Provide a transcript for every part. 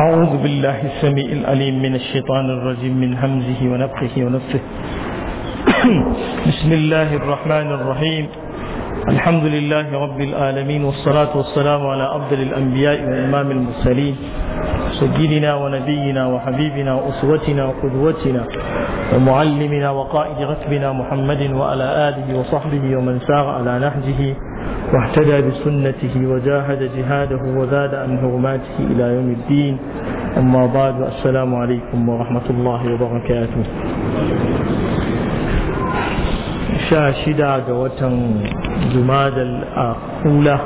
أعوذ بالله السميع العليم من الشيطان الرجيم من همزه ونفخه ونفثه بسم الله الرحمن الرحيم الحمد لله رب العالمين والصلاة والسلام على أفضل الأنبياء وإمام المرسلين سيدنا ونبينا وحبيبنا وأسوتنا وقدوتنا ومعلمنا وقائد ركبنا محمد وعلى آله وصحبه ومن سار على نهجه واهتدى بسنته وجاهد جهاده وزاد عن معلوماته الى يوم الدين اما بعد السلام عليكم ورحمه الله وبركاته sha shida ga watan da a kula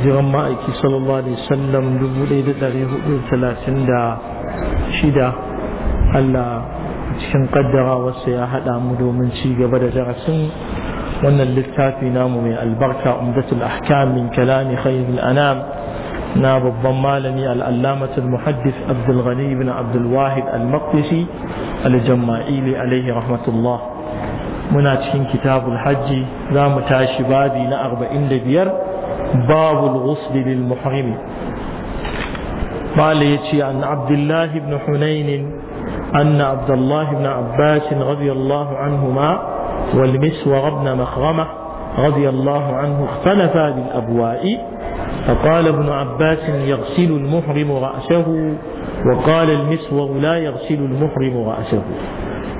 jiran ma'aiki sallallahu alaihi sallam dubu ɗaya da ɗari hudu talatin da shida allah cikin kaddara wasu ya haɗa mu domin ci gaba da darasin wannan littafi namu mai albarka umdatul ahkam min kalami khairul anam na babban malami al'allamatul muhaddis abdul ghani ibn abdul wahid al-maqdisi al-jamma'ili alaihi rahmatullah muna cikin kitabul hajji za mu tashi babi na 45 babul ghusl lil muhrimi قال يتي عن عبد الله بن حنين أن عبد الله بن عباس رضي الله عنهما والمسور بن مخرمة رضي الله عنه اختلفا بالأبواء فقال ابن عباس يغسل المحرم رأسه وقال المسور لا يغسل المحرم رأسه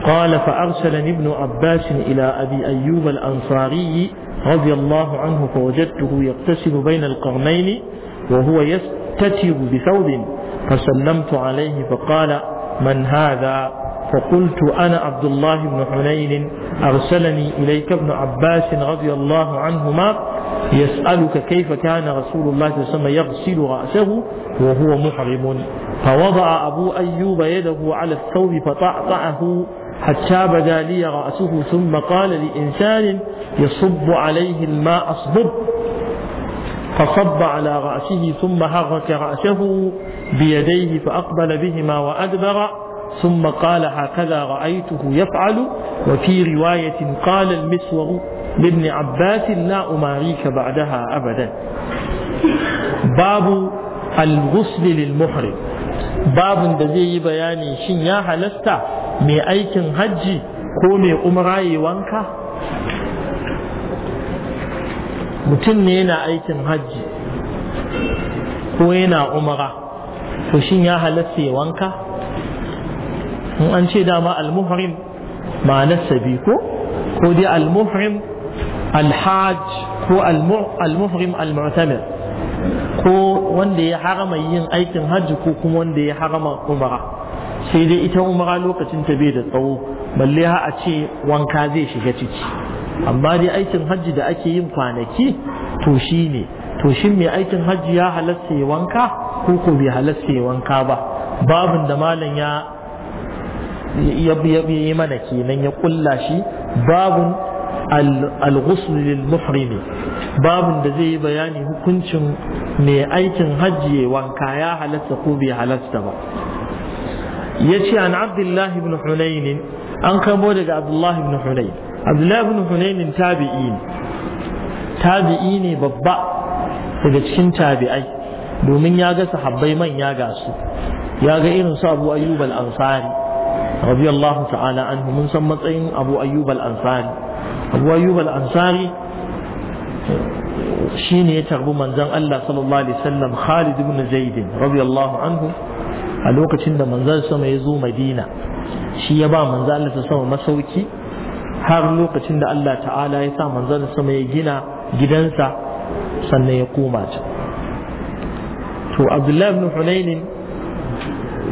قال فأرسلني ابن عباس إلى أبي أيوب الأنصاري رضي الله عنه فوجدته يغتسل بين القرنين وهو يستتر بثوب فسلمت عليه فقال من هذا فقلت أنا عبد الله بن حنين أرسلني إليك ابن عباس رضي الله عنهما يسألك كيف كان رسول الله صلى الله عليه وسلم يغسل رأسه وهو محرم فوضع أبو أيوب يده على الثوب فطعطعه حتى بدا لي رأسه ثم قال لإنسان يصب عليه الماء اصبب فصب على رأسه ثم حرك رأسه بيديه فأقبل بهما وأدبر ثم قال هكذا رأيته يفعل وفي رواية قال المسور لابن عباس لا أماريك بعدها أبدا باب الغسل للمحرم babin da zai yi bayani shin ya halasta mai aikin hajji ko wanka mutum ne yana aikin hajji ko yana umra to shin ya halasta ya wanka in an ce dama al-muhrim ma'anar sabi ko ko dai al-muhrim al-hajj ko al-muhrim al-mu'tamir ko wanda ya harama yin aikin hajji ko kuma wanda ya harama umara sai dai ita umara lokacin ta bai da tsawo balle ha a ce wanka zai shiga ciki amma dai aikin hajji da ake yin kwanaki to shi ne to shin mai aikin hajji ya halasta ya wanka ko ko bai halasta ya wanka ba babin da malam ya ya yi mana kenan ya kulla shi babun al-ghusl lil muhrimi babun da zai yi bayani hukuncin mai aikin hajji wanka ya halatta ko bai halatta ba yace an abdullah ibn an kamo daga abdullahi ibn hunain abdullah ibn tabi'i ne tabi'i ne babba daga cikin tabi'ai domin ya ga sahabbai manya ga su ya ga irin su abu ayyub al-ansari radiyallahu ta'ala anhu mun san matsayin abu ayyub al-ansari abu ayyub al-ansari shine ya tarbi manzon Allah sallallahu alaihi wasallam Khalid ibn Zaid radiyallahu anhu a lokacin da manzon sama ya zo Madina shi ya ba manzon Allah ta sama masauki har lokacin da Allah ta'ala ya sa manzon sama ya gina gidansa sannan ya koma can to Abdullahi ibn Hunayn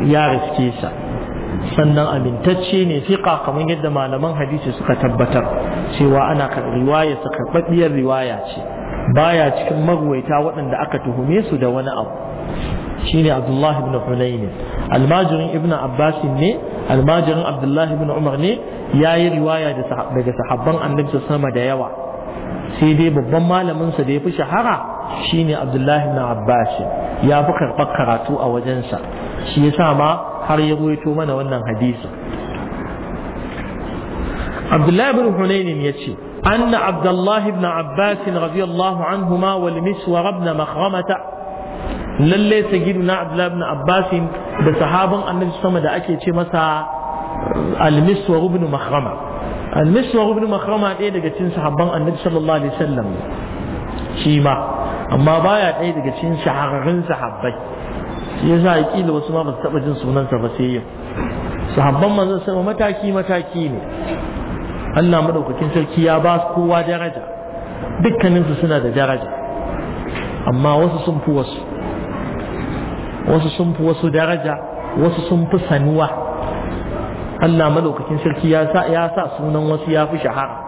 ya riske sa sannan amintacce ne fiƙa kamar yadda malaman hadisi suka tabbatar cewa ana riwaya suka karɓaɓɓiyar riwaya ce baya cikin magwaita waɗanda aka tuhume su da wani abu shine Abdullahi ibn Hunayn almajirin ibn Abbas ne almajirin Abdullahi ibn Umar ne yayi riwaya daga sahabban annabi sama da yawa sai dai babban malamin sa da yafi shahara shine Abdullahi ibn Abbas ya fi karɓar karatu a wajensa shi yasa ma har ya ruwaito mana wannan hadisi Abdullah ibn Hunayn yace أن عبد الله بن عباس رضي الله عنهما والمسور بن makhramata, lalle sayyiduna Abdullahi ibn abbas da sahaban annabi sama da ake ce masa uh, al-miswar ibn makhrama al-miswar ibn makhrama ɗaya daga cikin sahabban annabi sallallahu alaihi wasallam shi ma amma baya ɗaya daga cikin shahararrun sahabbai shi yasa kila wasu ma ba su taɓa jin sunansa ba sai yau sahabban manzon sama mataki mataki ne Allah madaukakin sarki ya ba su kowa daraja dukkaninsu suna da daraja amma wasu sun fi wasu wasu sun fi wasu daraja wasu sun fi sanuwa Allah madaukakin sarki ya sa ya sa sunan wasu ya fi shahara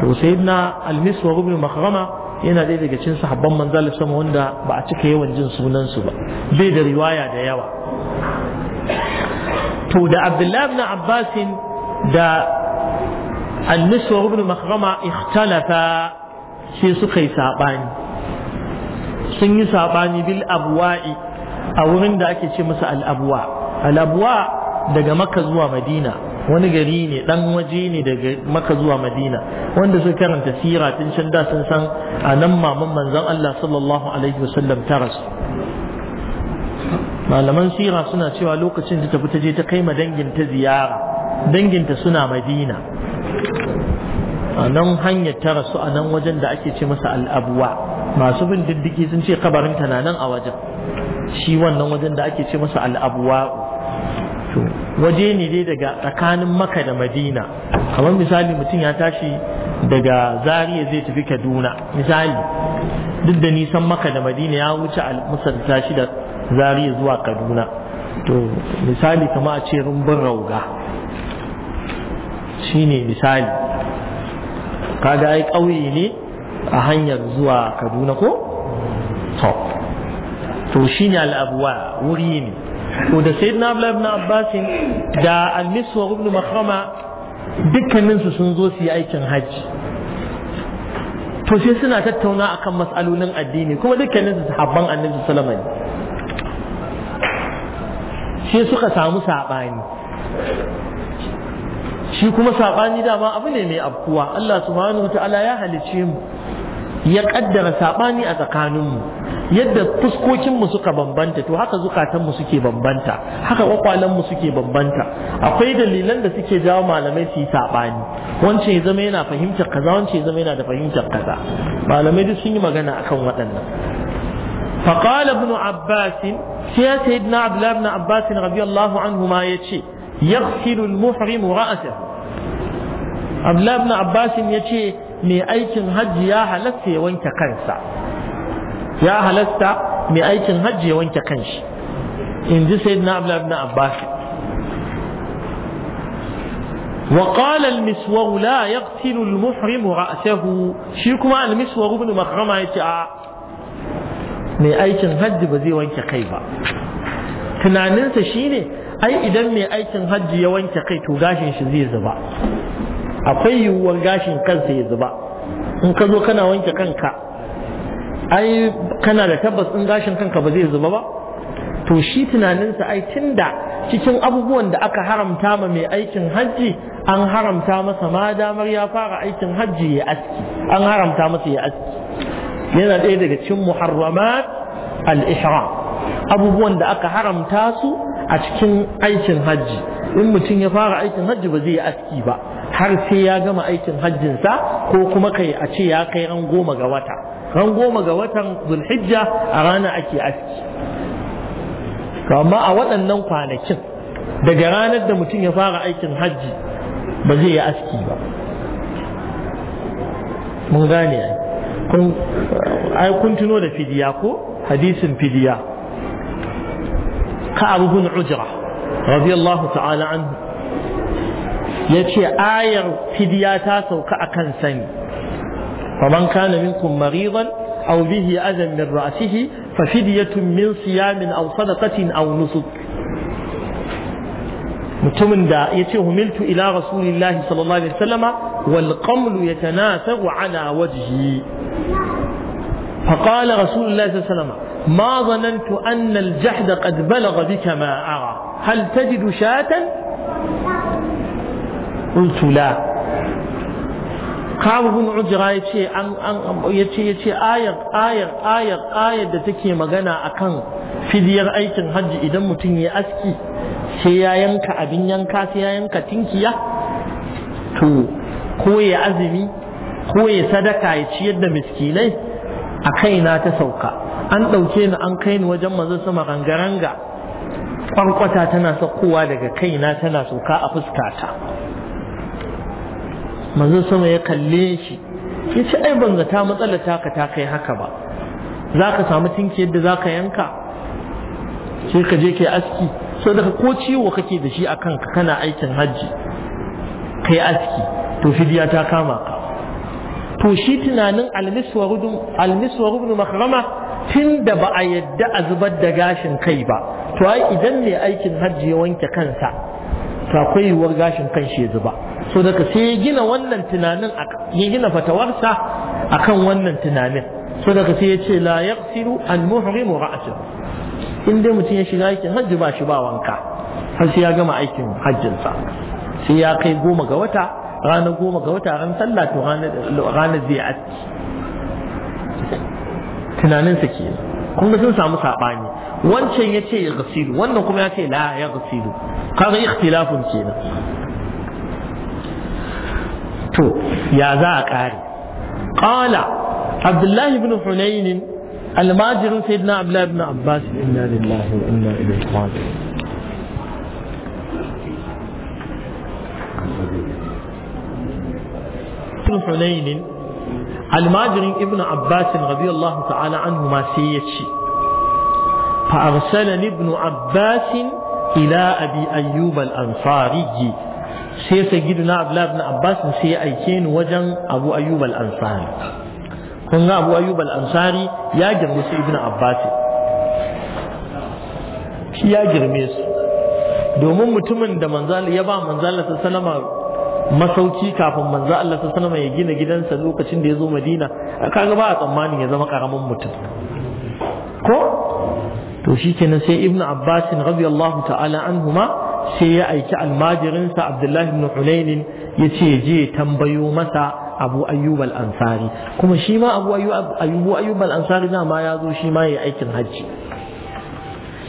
to sayyidina al-miswar ibn makhrama yana ɗaya daga cikin sahabban manzal sama wanda ba a cika yawan jin sunansu ba bai da riwaya da yawa to da abdullahi ibn abbas da anniswa ibn makrama ikhtalafa sai suka yi sabani sun yi sabani bil abwa'i a wurin da ake ce masa al abwa al abwa daga makka zuwa madina wani gari ne dan waje ne daga maka zuwa madina wanda suka karanta sira tun can da sun san a nan maman manzan Allah sallallahu alaihi wasallam ta rasu malaman sira suna cewa lokacin da ta fita je ta kai ma danginta ziyara danginta suna madina a nan hanyar ta rasu a nan wajen da ake ce masa al'abuwa masu bin diddiki sun ce kabarinta na nan a wajen shi wannan wajen da ake ce masa al'abuwa waje ne dai daga tsakanin maka da madina kamar misali mutum ya tashi daga zariya zai tafi kaduna misali duk da nisan maka da madina ya wuce musanta tashi da zariya zuwa kaduna to misali kama a ce rumbun rauga shine misali kaga ai ƙauye ne a hanyar zuwa kaduna ko to to shine al'abuwa wuri ne to da sayyidina Abdullah ibn Abbas da al ibn Makrama dukkanin su sun zo su yi aikin hajji to sai suna tattauna akan mas'alolin addini kuma dukkanin su sahabban Annabi sallallahu alaihi sai suka samu sabani shi kuma sabani dama abu ne mai afkuwa Allah subhanahu wa ta'ala ya halicce mu ya kaddara sabani a tsakaninmu yadda fuskokinmu suka bambanta to haka zukatanmu suke bambanta haka kwakwalenmu suke bambanta akwai dalilan da suke jawo malamai su yi saɓani wance ya zama yana fahimtar kaza wance ya zama yana da fahimtar kaza malamai duk sun yi magana akan waɗannan فقال ابن عباس سيا سيدنا عبد الله بن عباس رضي الله عنهما يتشي يغسل المحرم رأسه عبد الله بن عباس يتشي mai aikin hajji ya halatta ya wanke kansa ya halasta mai aikin hajji ya wanke kanshi in ji sayyidina abdullahi ibn abbas وقال المسور لا يغسل المحرم رأسه شي كما المسور بن مخرمة a. mai aikin hajji ba zai wanke kai ba tunaninsa shine ai idan mai aikin hajji ya wanke kai to gashin shi zai zuba akwai yiwuwar gashin kansa ya zuba in ka zo kana wanke kanka ai kana da tabbas in gashin kanka ba zai zuba ba to shi tunaninsa ai tunda cikin abubuwan da aka haramta ma mai aikin hajji an haramta masa ma damar ya fara aikin hajji ya aski an haramta masa ya aski yana ɗaya daga cikin muharramat al-ihram abubuwan da aka haramta su a cikin aikin hajji in mutum ya fara aikin hajji ba zai yi aski ba har sai ya gama aikin hajjinsa ko kuma kai a ce ya kai ran goma ga wata ran goma ga watan zulhijja a rana ake aski amma a waɗannan kwanakin daga ranar da mutum ya fara aikin hajji ba zai yi aski ba mun gane ai kun tuno da fidiya ko hadisin fidiya ka abu bin radiyallahu ta'ala an ya ce ayar fidiya ta sauka a kan sani فمن كان منكم مريضا أو به أذى من رأسه ففدية من صيام أو صدقة أو نسك متمن da ya الى رسول الله صلى الله عليه وسلم wal qamlu على وجهي. فقال رسول الله صلى الله عليه وسلم ما ظننت أن الجحد قد بلغ بك ما أرى هل تجد شاة قلت لا kawo bin ujira ya ce ayar ayar ayar ayar da take magana akan fidiyar aikin hajji idan mutum ya aski sai ya yanka abin yanka sai ya yanka tinkiya to ko ya azumi ko ya sadaka ya ciyar da miskinai a kaina ta sauka an ɗauke ni an kai ni wajen mazan sama rangaranga kwankwata tana saukowa daga kaina tana sauka a fuskata manzo sama ya kalle shi ya ce ai ban zata matsalar taka ta kai haka ba za ka samu tinki yadda za ka yanka sai ka je kai aski so daga ko ciwo kake da shi a kanka kana aikin hajji kai aski to fidiya ta kama ka to shi tunanin almiswar rubin makarama tun da ba a yadda a zubar da gashin kai ba to ai idan ne aikin hajji ya wanke kansa to akwai yiwuwar gashin kan shi ya zuba so daga sai ya gina wannan tunanin ya gina fatawarsa akan wannan tunanin so daga sai ya ce la yaqsiru al muhrimu ra'sahu in dai mutum ya shiga aikin hajji ba shi ba wanka har sai ya gama aikin hajjinsa sai ya kai goma ga wata ranar goma ga wata ran sallah to ranar zai aski tunaninsa ke kun sun samu saɓani wancan ya ce ya gasiru wannan kuma ya ce la ya gasiru kaga ikhtilafun kenan ya za a ƙare ƙala abdullahi bin hunainin almajirin sayyidina abdullahi bin abbas inna lillahi wa inna ilaihi raji'un ibn hunainin almajirin ibn abbas radiyallahu ta'ala anhu ma sai ya ce fa arsalani ibn abbas ila abi ayyub al-ansari sai sai na abdullah ibn abbas sai ya aike ni wajen abu ayyub al ansari kun ga abu ayyub al ansari ya girme su ibn abbas shi ya girme su domin mutumin da manzal ya ba manzal sallama masauki kafin manzo Allah sallama ya gina gidansa lokacin da ya zo Madina kaga ba a tsammanin ya zama karamin mutum ko to shikenan sai ibnu abbas radiyallahu ta'ala anhuma sai ya aiki almajirinsa abdullahi ibn hunainin ya ce je tambayo masa abu ayyub al-ansari kuma shi ma abu ayyub al-ansari na ya zo shi ma ya aikin hajji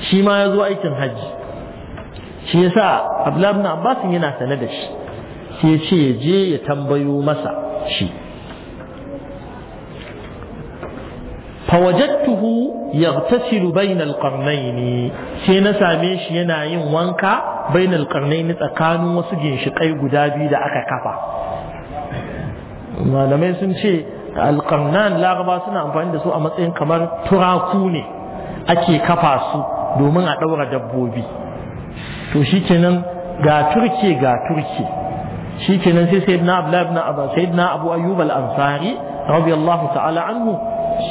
shi ma ya zo aikin hajji shi yasa abdullahi ibn abbas yana sane da shi sai ya ce je ya tambayo masa shi فوجدته يغتسل بين القرنين شي نسامي شي ينا يين وانكا بين القرنين tsakanin wasu ginshiƙai guda biyu da aka kafa. malamai sun ce alƙarnan laraba suna amfani da su a matsayin kamar turaku ne ake kafa su domin a ɗaura dabbobi to shi ga turke ga turke shi kenan sai sayidina abu abu ayyub al-ansari rabbi allahu ta'ala anhu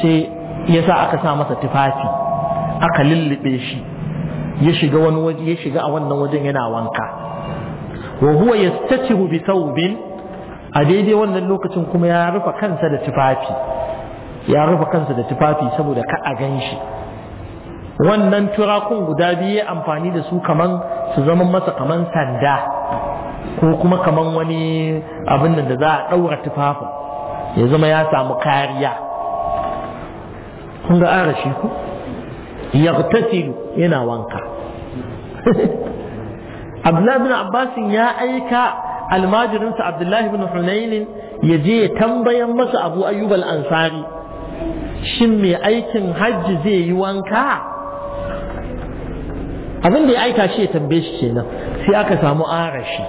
sai yasa aka sa masa tufafi aka lullube shi ya shiga wani waje ya shiga a wannan wajen yana wanka wa huwa yastatihu bi thawbin a daidai wannan lokacin kuma ya rufa kansa da tufafi ya rufa kansa da tufafi saboda ka a gan shi wannan turakun guda biyu ya amfani da su kaman su zama masa kaman sanda ko kuma kaman wani abin da za a ɗaura tufafin ya zama ya samu kariya kun ga arashi ku yaghtasilu yana wanka Abdullahi bin Abbas ya aika almajirinsa Abdullahi bin Hunayn ya je ya tambayan masa Abu Ayyub al-Ansari shin mai aikin hajji zai yi wanka abin da ya aika shi ya tambaye shi kenan sai aka samu arashi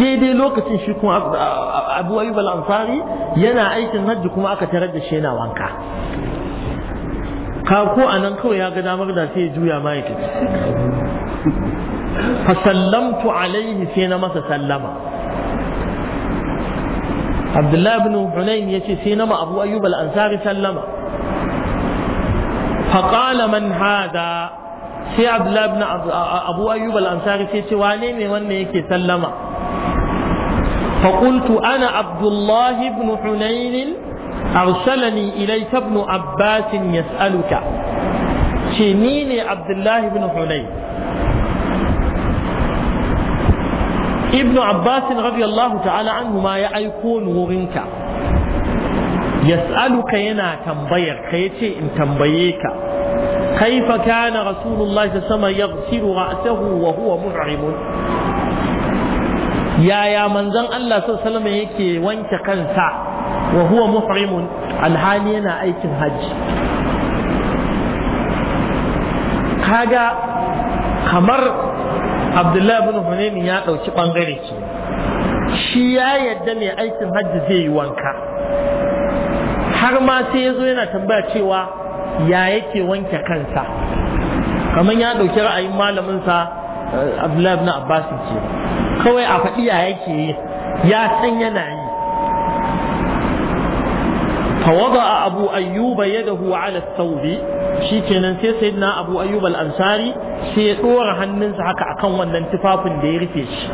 daidai lokacin shi kuma Abu Ayyub al-Ansari yana aikin hajji kuma aka tarar da shi yana wanka ka ko a nan kawai ya ga damar da sai ya juya ma ya tafi fa sallamtu alaihi sai na masa sallama abdullahi ibn hunayn yace sai na ma abu ayyub al-ansari sallama fa qala man hada sai abdullahi ibn abu ayyub al-ansari sai ce wane ne wannan yake sallama فقلت أنا ana Abdullahi Ibn حنين arsalani ilayka ibn abbas yas'aluka ce ni ne abdullahi ibn hunay ibn abbas radiyallahu ta'ala anhu ma ya aiko ni wurinka yas'aluka yana tambayar ka yace in tambaye ka كيف كان رسول الله صلى الله عليه وسلم يغسل رأسه وهو محرم يا يا من زن الله صلى الله عليه wa huwa muhrimun alhali yana aikin hajji kaga kamar abdullahi bin hunaini ya ɗauki ɓangare ce, shi ya yadda mai aikin hajji zai yi wanka har ma sai ya zo yana tambaya cewa ya yake wanke kansa kamar ya ɗauki ra'ayin malaminsa eh, abdullahi bin abbas ce kawai a faɗi ya yake yi ya san yana yi فوضع أبو أيوب يده على الثوب شي كنن سي سيدنا أبو أيوب الأنصاري سي دور هنن haka akan wannan tufafin da ya rufe shi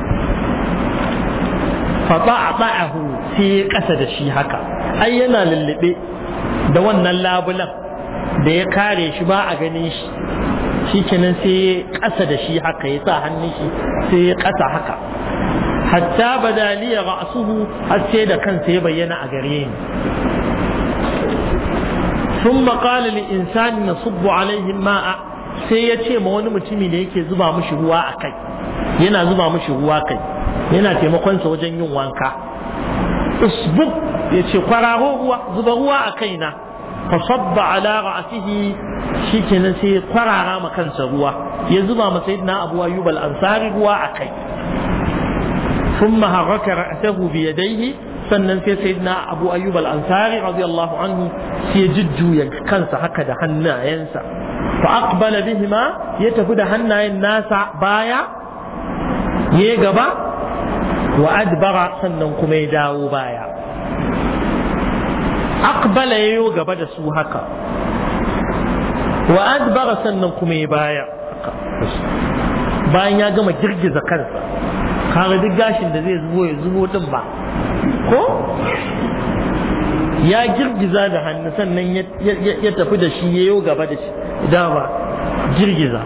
fata'atahu sai kasa da shi haka ai yana lullube da wannan labulan da ya kare shi ba a ganin shi shi kenan sai kasa da shi haka ya sa hannun shi sai haka hatta badaliya ra'suhu har sai da kansa ya bayyana a gare ni ثم قال للإنسان na عليهم ماء sai ya ce ma wani mutumi da yake zuba mushi ruwa a kai yana zuba mushi ruwa kai yana taimakonsa wajen yin wanka usbuk ya ce kwararo ruwa zuba ruwa a kaina fa sabba ala ra'atihi shikenan sai kwarara ma kansa ruwa ya zuba ma sayyidina abu ayyub al-ansari ruwa a kai thumma haraka ra'sahu bi yadayhi sannan sai sayyidina abu ayyub al-ansari radiyallahu anhu sai ya jujjuya kansa haka da hannayensa fa aqbala bihima ya tafi da hannayen nasa baya ya gaba wa adbara sannan kuma ya dawo baya aqbala ya yo gaba da su haka wa adbara sannan kuma ya baya bayan ya gama girgiza kansa kaga duk gashin da zai zubo ya zubo din ba ko ya girgiza da hannu sannan ya tafi da shi ya yayo gaba da shi dama girgiza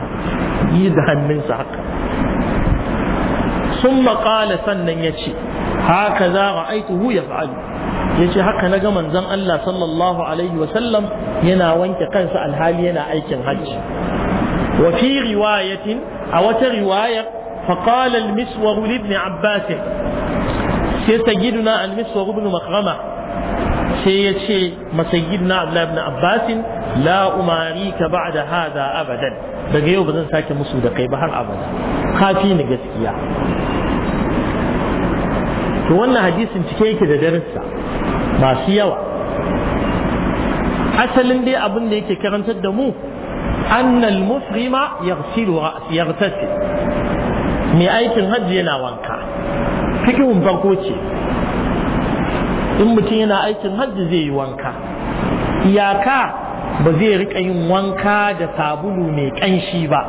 yi da hannunsa haka sun maƙala sannan ya ce haka za a aituhu ya fa'adu. ya ce haka na ga manzon Allah sallallahu alaihi wasallam yana wanke kansa alhali yana aikin hajji wa fi riwayatin a wata riwayar فقال المسور لابن عباس sai sayyiduna al-miswar ibn makrama sai ya ce masayyiduna abdullahi ibn abbasin la umari ka ba'da hada abadan daga yau ba zan sake musu da kai ba har abada kafi ni gaskiya to wannan hadisin cike yake da darussa masu yawa asalin dai abin da yake karantar da mu annal muslima yaghsilu ra'si yaghtasil mai aikin hajji yana wanka fikihun farko ce in mutum yana aikin hajji zai yi wanka iyaka ba zai rika yin wanka da sabulu mai kanshi ba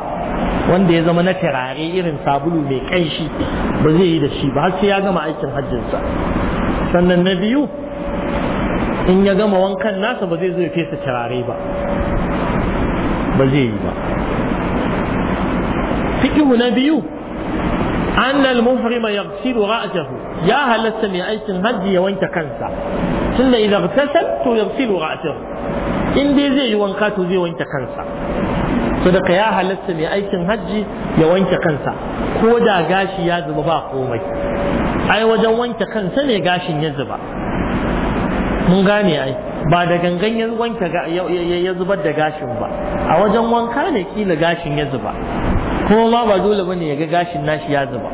wanda ya zama na turare irin sabulu mai kanshi ba zai yi da shi ba har sai ya gama aikin hajjinsa sannan na biyu in ya gama wankan nasa ba zai zo ya fesa turare ba ba zai yi ba fiƙihu na biyu annal muhrima yaghsilu ra'sahu ya wanke kansa tunda idan tasal to yaghsilu ra'sahu in dai zai yi wanka to zai wanke kansa sadaka ya halatta mai aikin hajji ya wanke kansa ko da gashi ya zuba ba komai ai wajen wanke kansa ne gashin ya zuba mun gane ba da gangan ya wanke ya zubar da gashin ba a wajen wanka ne kila gashin ya zuba ko ma ba dole bane ya ga gashin nashi ya zuba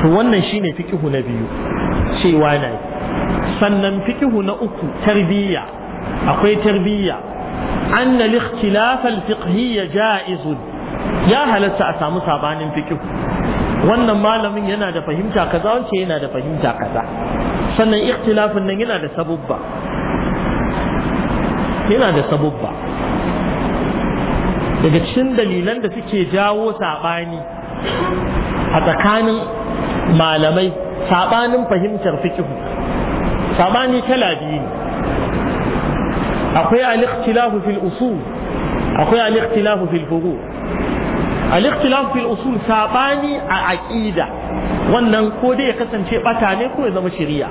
to wannan shine fikihu na biyu cewa na sannan fikihu na uku tarbiyya akwai tarbiyya anna al-ikhtilaf al-fiqhiyya ja'izun ya halatta a samu sabanin fikihu wannan malamin yana da fahimta kaza wance yana da fahimta kaza sannan ikhtilafin nan yana da sabubba yana da sabubba daga cikin dalilan da suke jawo saɓani a tsakanin malamai saɓanin fahimtar fikihu saɓani kala biyu akwai al fil usul akwai al-ikhtilafu fil furu al fil usul saɓani a aƙida wannan ko dai ya kasance ɓata ne ko ya zama shari'a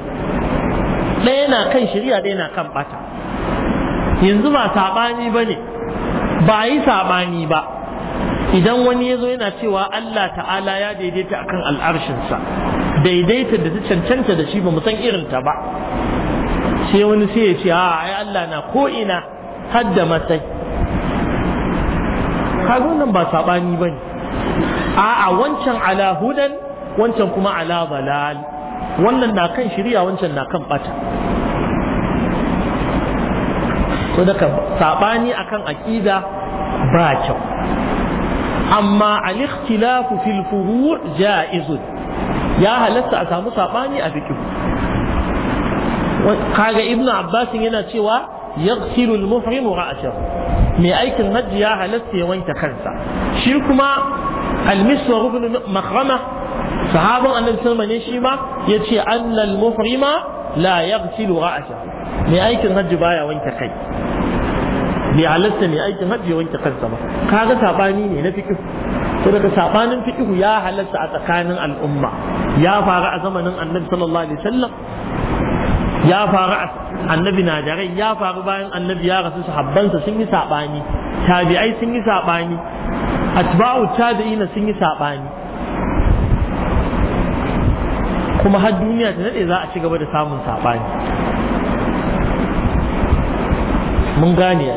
ɗaya na kan shari'a ɗaya na kan ɓata yanzu ba saɓani ba ne ba yi saɓani ba idan wani ya zo yana cewa Allah ta'ala ya daidaita akan al'arshinsa daidaita da ta cancanta da shi ba mu san irinta ba sai wani sai ya ce a ai Allah na ko ina har da matsayi kaga nan ba saɓani ba ne a'a wancan ala hudan wancan kuma ala balal wannan na kan shirya wancan na kan bata so daga sabani akan aqida ba kyau amma al-ikhtilafu fil furu' ja'izun ya halatta a samu sabani a fiqh kaga ibnu abbas yana cewa yaghsilu al-muhrim ra'sahu mai aikin hajji ya halatta ya wanke kansa shi kuma al-miswar ibn makhrama sahaban annabi sallallahu alaihi wasallam ne shi ma yace annal muhrima la yaghsilu ra'sahu mai aikin hajji baya wanke kai bai halatta mai aikin hajji wanke kansa ba kaga sabani ne na fiqh to daga sabanin fiqh ya halatta a tsakanin al'umma ya faru a zamanin annabi sallallahu alaihi wasallam ya faru a annabi na da rai ya faru bayan annabi ya rasu sahabbansa sun yi sabani tabi'ai sun yi sabani atba'u tabi'ina sun yi sabani kuma har duniya ta daɗe za a ci gaba da samun saɓani mun gane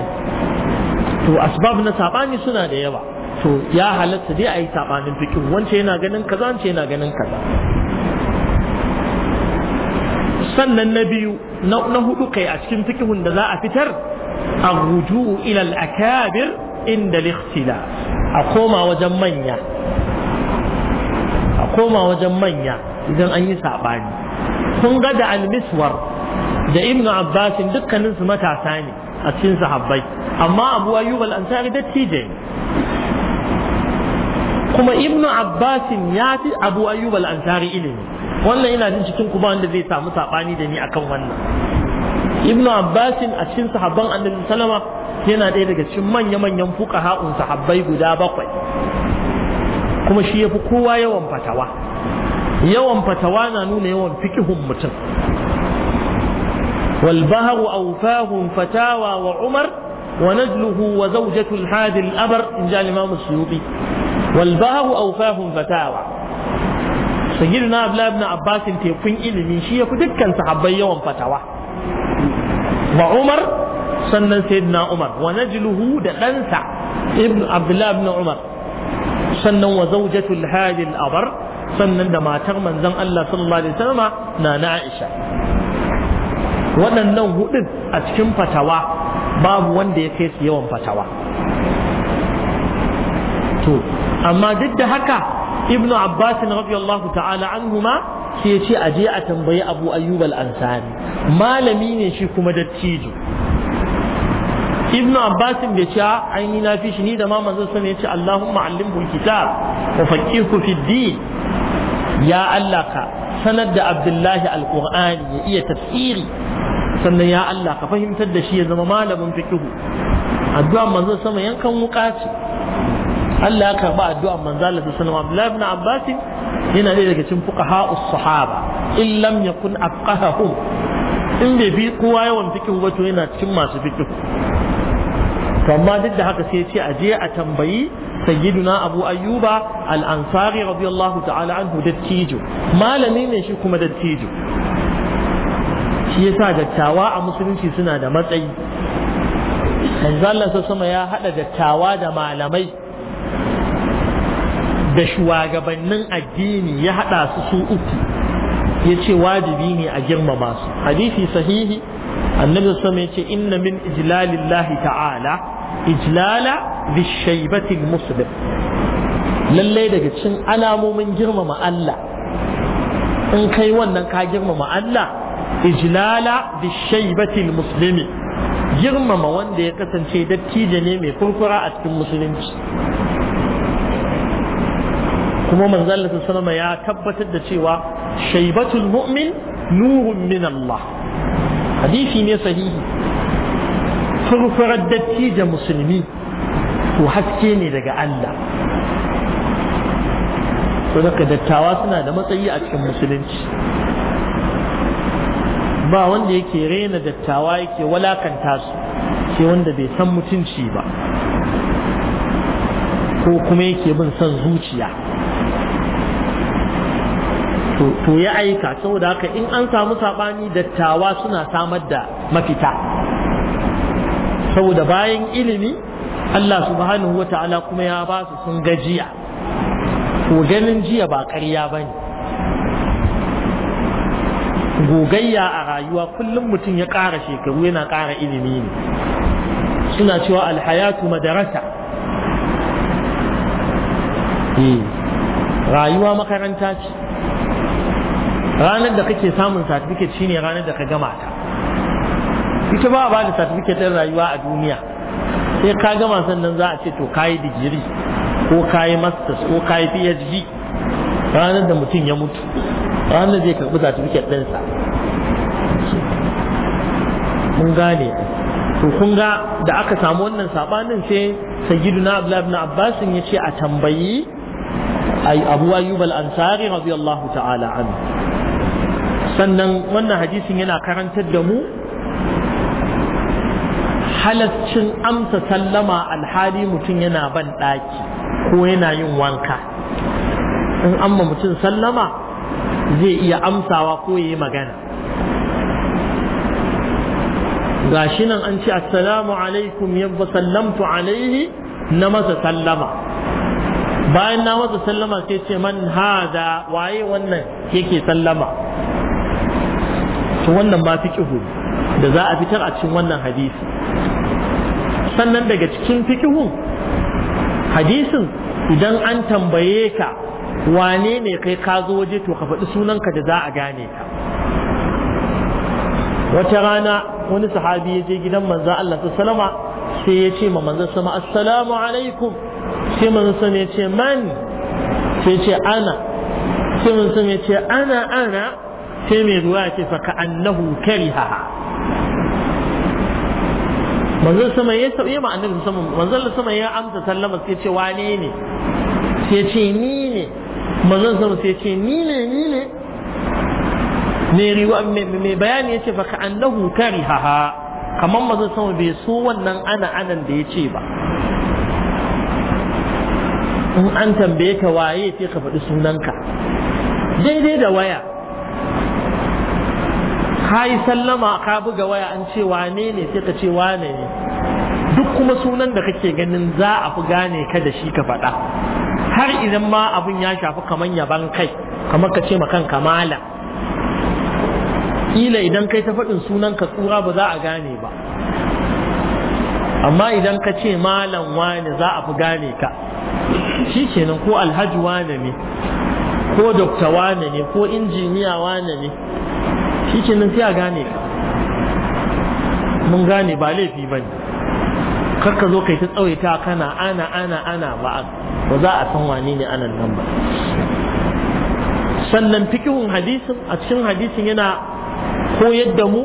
to asbab na saɓani suna da yawa to ya halatta dai a yi saɓanin fikin wance yana ganin kaza wance yana ganin kaza sannan na biyu na hudu kai a cikin fikihun da za a fitar a ruju ilal akabir inda al a koma wajen manya a koma wajen manya idan an yi saɓani kun ga da almiswar da ibn abbasin dukkaninsu matasa ne a cikin sahabbai amma abu ayyub al-ansari da tije kuma ibn abbasin ya fi abu ayyub al-ansari ilimi wannan ina jin cikin kuma wanda zai samu saɓani da ni akan wannan ibn abbasin a cikin sahabban annabi sallama yana ɗaya daga cikin manya-manyan fuqaha'un sahabbai guda bakwai kuma shi yafi kowa yawan fatawa yawan fatawa na nuna yawan fikihun mutum walbahar aufahun fatawa wa umar wa najluhu wa zaujatul hadil abar in ji alima musu yubi walbahar aufahun fatawa sagir na abla abin abbasin tekun ilimi shi ya fi dukkan sahabbai yawan fatawa wa umar sannan sayyidina umar wa najluhu da ɗansa ibn abdullahi ibn umar sannan wa zaujatul hadil abar sannan da matar manzon Allah sallallahu alaihi wasallam na na Aisha waɗannan hudun a cikin fatawa babu wanda ya kai su yawan fatawa to amma duk da haka ibnu abbas radiyallahu ta'ala anhuma ke ce a je a tambayi abu ayyub al-ansari malami ne shi kuma dattijo ibnu abbas bai ce ai ni na fi shi ni da ma manzon sa ne ya ce allahumma allimhu kitab wa faqihu fi ya Allah ka sanar da Abdullahi alqur'ani ya iya tafsiri sannan ya Allah ka fahimtar da shi ya zama malamin fiqh addu'a manzo sama yankan wuka ce Allah ya karba addu'a manzo Allah sallallahu Abdullahi ibn Abbas yana ɗaya daga cikin fuqaha us-sahaba in lam yakun aqahum in bai bi kowa yawan fikihu ba to yana cikin masu fikihu to amma duk da haka sai ya ce a je a tambayi na abu ayuba al-ansari radiyallahu ta'ala anhu dattijo malami ne shi kuma dattijo shi yasa dattawa a musulunci suna da matsayi manzo Allah sama ya haɗa dattawa da malamai da shugabannin addini ya haɗa su su uku ya ce wajibi ne a girmama su hadisi sahihi annabi sama ya ce inna min ijlalillahi ta'ala ijlala bishaibatin muslim lallai daga cikin alamomin girmama Allah in kai wannan ka girmama Allah ijlala bishaibatin muslimi girmama wanda ya kasance dattijo ne mai kurkura a cikin musulunci kuma manzon Allah ya tabbatar da cewa shaibatul mu'min nurun min Allah hadisi ne sahihi furfurar dattijan musulmi to haske ne daga Allah dattawa suna da matsayi a cikin musulunci ba wanda yake rena dattawa yake walakanta su ke wanda bai san mutunci ba ko kuma yake bin son zuciya to ya aika saboda haka in an samu saɓani dattawa suna samar da mafita saboda bayan ilimi Allah subhanahu wa ta'ala kuma ya ba su sun gajiya ganin jiya ba ƙarya ba ne gogayya a rayuwa kullum mutum ya ƙara shekaru yana ƙara ilimi ne suna cewa alhayatu madarasa eh, rayuwa makaranta ce ranar da kake samun certificate shine ranar da ka gama ta ita ba a ba da certificate ɗin rayuwa a duniya sai ka gama sannan za a ce to kayi digiri ko kayi masters ko kayi phd ranar da mutum ya mutu ranar zai karɓi certificate ɗinsa mun gane to kun ga da aka samu wannan sabanin sai sayyiduna abdullahi ibn abbas ya ce a tambayi ay abu ayyub al-ansari radiyallahu ta'ala anhu sannan wannan hadisin yana karantar da mu halaccin amsa sallama alhali mutum yana ban ɗaki ko yana yin wanka in amma mutum sallama zai iya amsawa ko ya yi magana gashi nan an ce assalamu alaikum yabba sallamtu alaihi na masa sallama bayan na masa sallama sai ce man hada waye wannan yake sallama to wannan ba fi ƙihu da za a fitar a cikin wannan hadisi sannan daga cikin fikihun hadisin idan an tambaye ka wane ne kai ka zo waje to ka faɗi sunanka da za a gane ka wata rana wani sahabi ya je gidan manzan Allah ta salama sai ya ce ma manzan sama assalamu alaikum sai manzan sama ya ce man sai ce ana sai manzan sama ya ce ana ana sai mai ruwa ya ce faka annahu kariha manzon sama ya sauye ma annabi musamman manzon sama ya amsa sallama sai ce wane ne sai ce ni ne manzon sama sai ce ni ne ni ne ne riwa mai bayani yace fa kari haha!" kamar manzon sama bai so wannan ana anan da yace ba in an tambaye ka waye sai ka faɗi sunanka daidai da waya ka sallama ka buga waya an ce wane ne sai ka ce wane ne duk kuma sunan da kake ganin za a fi gane ka da shi ka faɗa har idan ma abin ya shafi kaman yaban kai kamar ka ce ma kan kamala kila idan kai ta faɗin sunan ka tsura ba za a gane ba amma idan ka ce malam wane za a fi gane ka shi kenan ko alhaji wane ne ko dokta wane ne ko injiniya wane ne shi ke nan sai a gane ka mun gane ba laifi ba ne karka zo kai ta tsawaita kana ana ana ana ba za a san wani ne anan nan ba sannan fikihun hadisin a cikin hadisin yana koyar da mu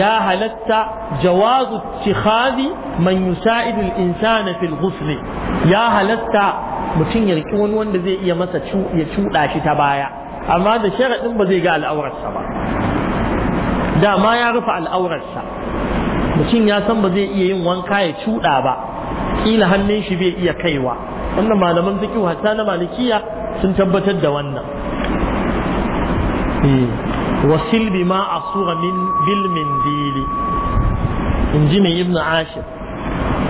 ya halatta jawazu tikhadi man yusa'idu al-insana fil ghusl ya halatta mutum ya riki wani wanda zai iya masa ya cuɗa shi ta baya amma da sharaɗin ba zai ga al'aurarsa ba dama ya rufe al'aurarsa mutum ya san ba zai iya yin wanka ya cuɗa ba kila hannun shi bai iya kaiwa wannan malaman fiqh hatta na malikiya sun tabbatar da wannan eh, wasil bi bima asura min bil in ji mai ibnu ashir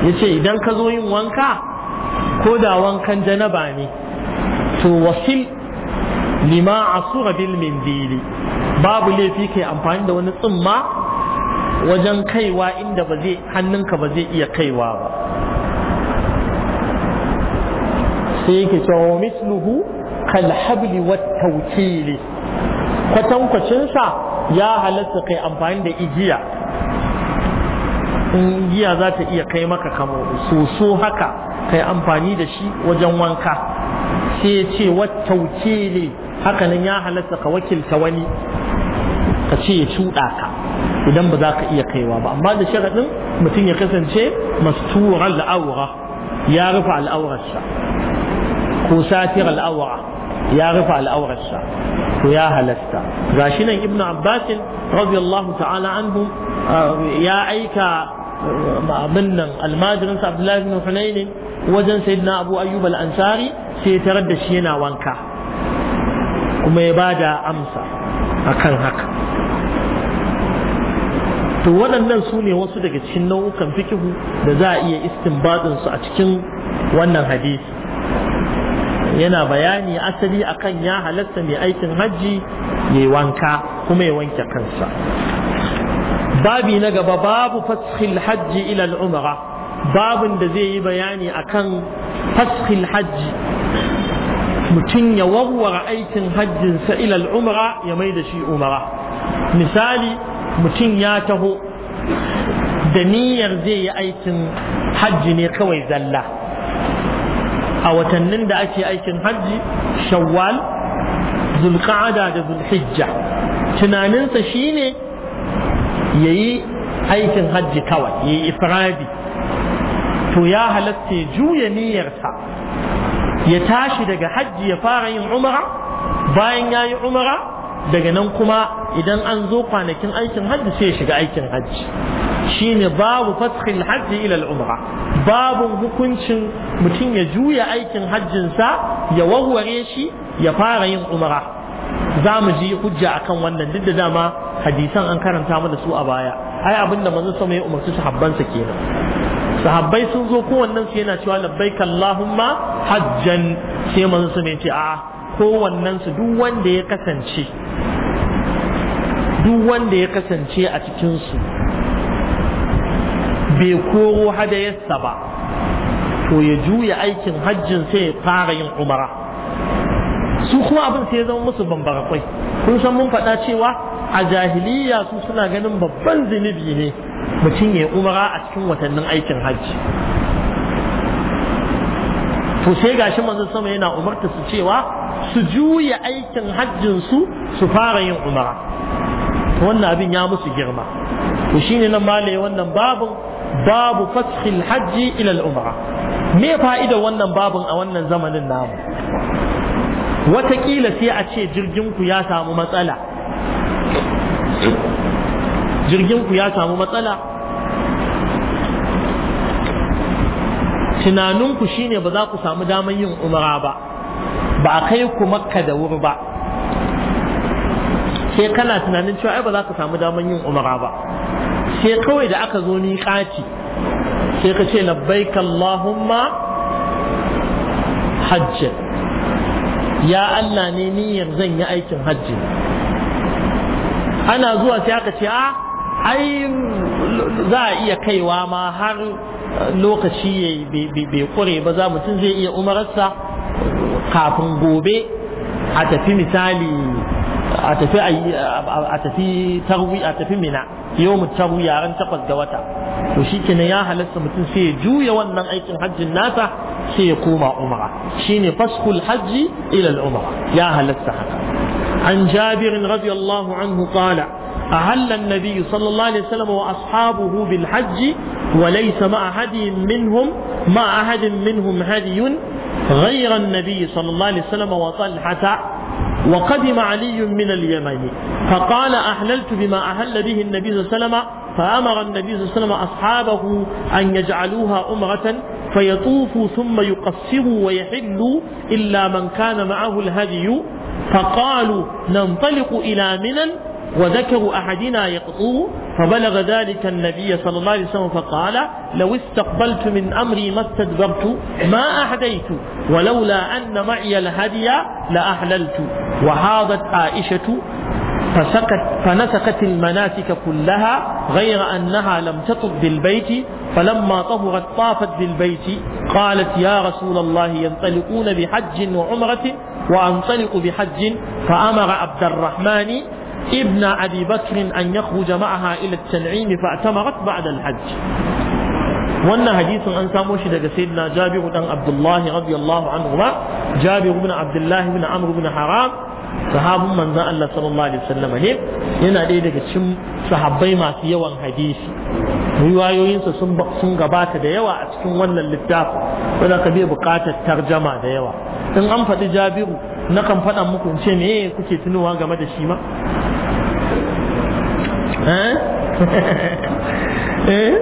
Ya ce idan ka zo yin wanka ko da wankan janaba ne to wasil lima asura bil mindili babu laifi kai amfani da wani tsimma wajen kaiwa inda ba zai hannunka ba zai iya kaiwa ba sai yake cewa misluhu kal habli wat tawkili kwatankwacin sa ya halatta kai amfani da igiya in igiya za ta iya kai maka kamar soso haka kai amfani da shi wajen wanka sai ya ce wat tawkili hakanan ya halatta ka wakilta wani ka ce ya cuɗa ka idan ba za ka iya kaiwa ba amma da sharaɗin mutum ya kasance masturar al'aura ya rufe al'aurarsa ko satir ya rufe al'aurarsa to ya halasta gashi nan ibnu abbasin radiyallahu ta'ala anhu eh, ya aika eh, abin nan almajirin sa abdullahi bin hunayn wajen sayyidina abu ayyub al-ansari sai ya tarar da shi yana wanka kuma ya ba da amsa akan haka to waɗannan su ne wasu daga cikin nau'ukan fikihu da za a iya istinbadinsu su a cikin wannan hadisi yana bayani asali akan ya halatta mai aikin hajji ya wanka kuma ya wanke kansa babi na gaba babu fashil hajji ilal umara babin da zai yi bayani akan fashil hajji mutum ya warware aikin hajjinsa ilal umara ya mai da shi umara misali mutum ya taho da niyyar zai yi aikin hajji ne kawai zalla a watannin da ake aikin hajji shawwal zulqa'ada da zulhijja tunaninsa shine ya yi aikin hajji kawai ya yi ifradi to ya halatta juya niyyarsa ya tashi daga hajji ya fara yin umara bayan ya yi umara daga nan kuma idan an zo kwanakin aikin hajji sai shiga aikin hajji shine babu fathil hajji ilal umra babu hukuncin mutum ya juya aikin hajjinsa ya warware shi ya fara yin umra za mu ji hujja akan wannan duk da dama hadisan an karanta mu su a baya ai abinda manzo sama ya umarci sahabbansa kenan sahabbai sun zo kowannen su yana cewa labbaik allahumma hajjan sai manzo sama ya ce a kowannen su duk wanda ya kasance duk wanda ya kasance a cikinsu bai koro hada hadayarsa ba to ya juya aikin hajjin sai ya fara yin umara su kuma abin sai ya zama musu bambara kwai kun san mun faɗa cewa a jahiliya su suna ganin babban zunubi ne mutum ya umara a cikin watannin aikin hajji to sai gashi manzo sama yana umarta su cewa su juya aikin hajjin su su fara yin umara wannan abin ya musu girma Ku shi ne nan male wannan babin babu fathil hajji ila al-umra me fa'idar wannan babin a wannan zamanin namu wataƙila sai a ce jirgin ku ya samu matsala jirgin ku ya samu matsala tunaninku shine ba za ku samu daman yin umra ba ba a kai ku makka da wuri ba sai kana tunanin cewa ai ba za ka samu daman yin umara ba sai kawai da aka zo ni kaci sai ka ce labbaik Allahumma hajj ya Allah ne niyyar zan yi aikin hajji ana zuwa sai aka ce a ai za a iya kaiwa ma har lokaci bai kure ba za mutum zai iya umararsa kafin gobe a tafi misali a tafi a tafi tarwi a tafi mina yau mu tarwi yaran takwas ga wata to shikenan ya halatta mutum sai ya juya wannan aikin hajjin nasa sai ya koma umara shine fasqul hajji ila al umara ya halatta haka an jabir radiyallahu anhu qala أهل النبي صلى الله عليه وسلم وأصحابه بالحج وليس مع أحد منهم مع أحد منهم هدي غير النبي صلى الله عليه وسلم وطلحة وقدم علي من اليمن فقال أحللت بما أحل به النبي صلى الله عليه وسلم فأمر النبي صلى الله عليه وسلم أصحابه أن يجعلوها أمرة فيطوفوا ثم يقصروا ويحلوا إلا من كان معه الهدي فقالوا ننطلق إلى منن وذكروا أحدنا يقطو فبلغ ذلك النبي صلى الله عليه وسلم فقال لو استقبلت من أمري ما استدبرت ما أحديت ولولا أن معي الهدي لأحللت وحاضت عائشة فسكت فنسكت المناسك كلها غير أنها لم تطب بالبيت فلما طهرت طافت بالبيت قالت يا رسول الله ينطلقون بحج وعمرة وأنطلق بحج فأمر عبد الرحمن ابن أبي بكر أن يخرج معها إلى التنعيم فاعتمرت بعد الحج وأن حديث أن ساموش دقى سيدنا جابر بن عبد الله رضي الله عنهما جابر بن عبد الله بن عمرو بن حرام sahabin manzan Allah sallallahu alaihi ne yana ɗaya daga cikin sahabbai masu yawan hadisi riwayoyinsa sun sun gabata da yawa a cikin wannan littafin wanda ka bai buƙatar tarjama da yawa in an faɗi Jabiru na kan faɗa muku in ce me kuke tunowa game da shi ma eh? Eh?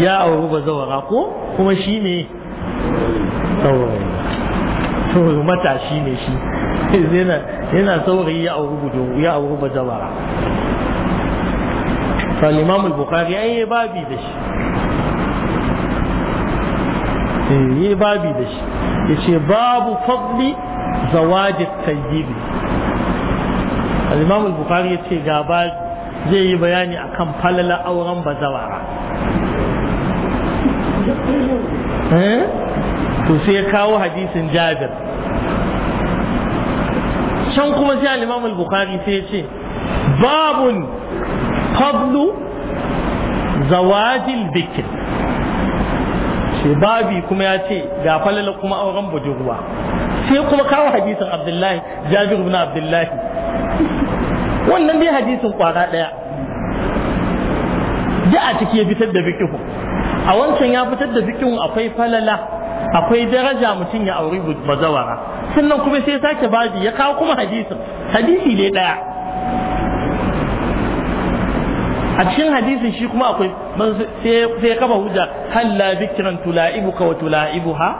ya auri ba zawara ko kuma shi ne saurayi matashi ne shi yana saurayi ya auri gudu ya auri ba zawara فالإمام البخاري babi da shi yi babi da shi ya ce babu fadli zawajin tayyibi al-imam al-bukhari ya ce gaba zai yi bayani akan falala auren bazawara to sai ya kawo hadisin jabir can kuma sai al-imam al-bukhari sai ya ce babun fadlu zawajil bikr ce babi kuma ya ce ga falala kuma auren budurwa sai kuma kawo hadisin abdullahi jabir ibn abdullahi wannan dai hadisin kwara daya ji a ciki ya fitar da fikihu a wancan ya fitar da fikihu akwai falala akwai daraja mutum ya auri bazawara sannan kuma sai sake babi ya kawo kuma hadisin hadisi ne daya a cikin hadisin shi kuma akwai sai kafa hujja halla bikran tula'ibuka wa ha?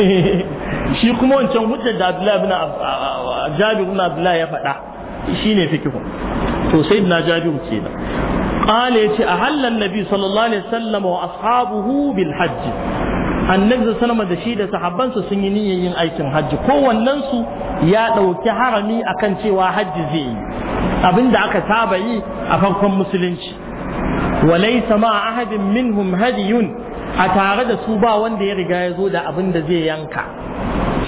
shi kuma wancan hujjar da Abdullahi ibn Jabir ibn Abdullahi ya faɗa Shi shine fikihu to sai ibn Jabir kenan qala ce a an-nabi sallallahu alaihi wasallam wa ashabuhu bil hajj annabi sallama da shi da sahabbansa sun yi niyyar yin aikin hajji kowannen su ya ɗauki harami akan cewa hajji zai yi abinda aka saba yi a farkon musulunci walaysa ma ahadin minhum hadiyun a tare da su ba wanda ya riga ya zo da abin da zai yanka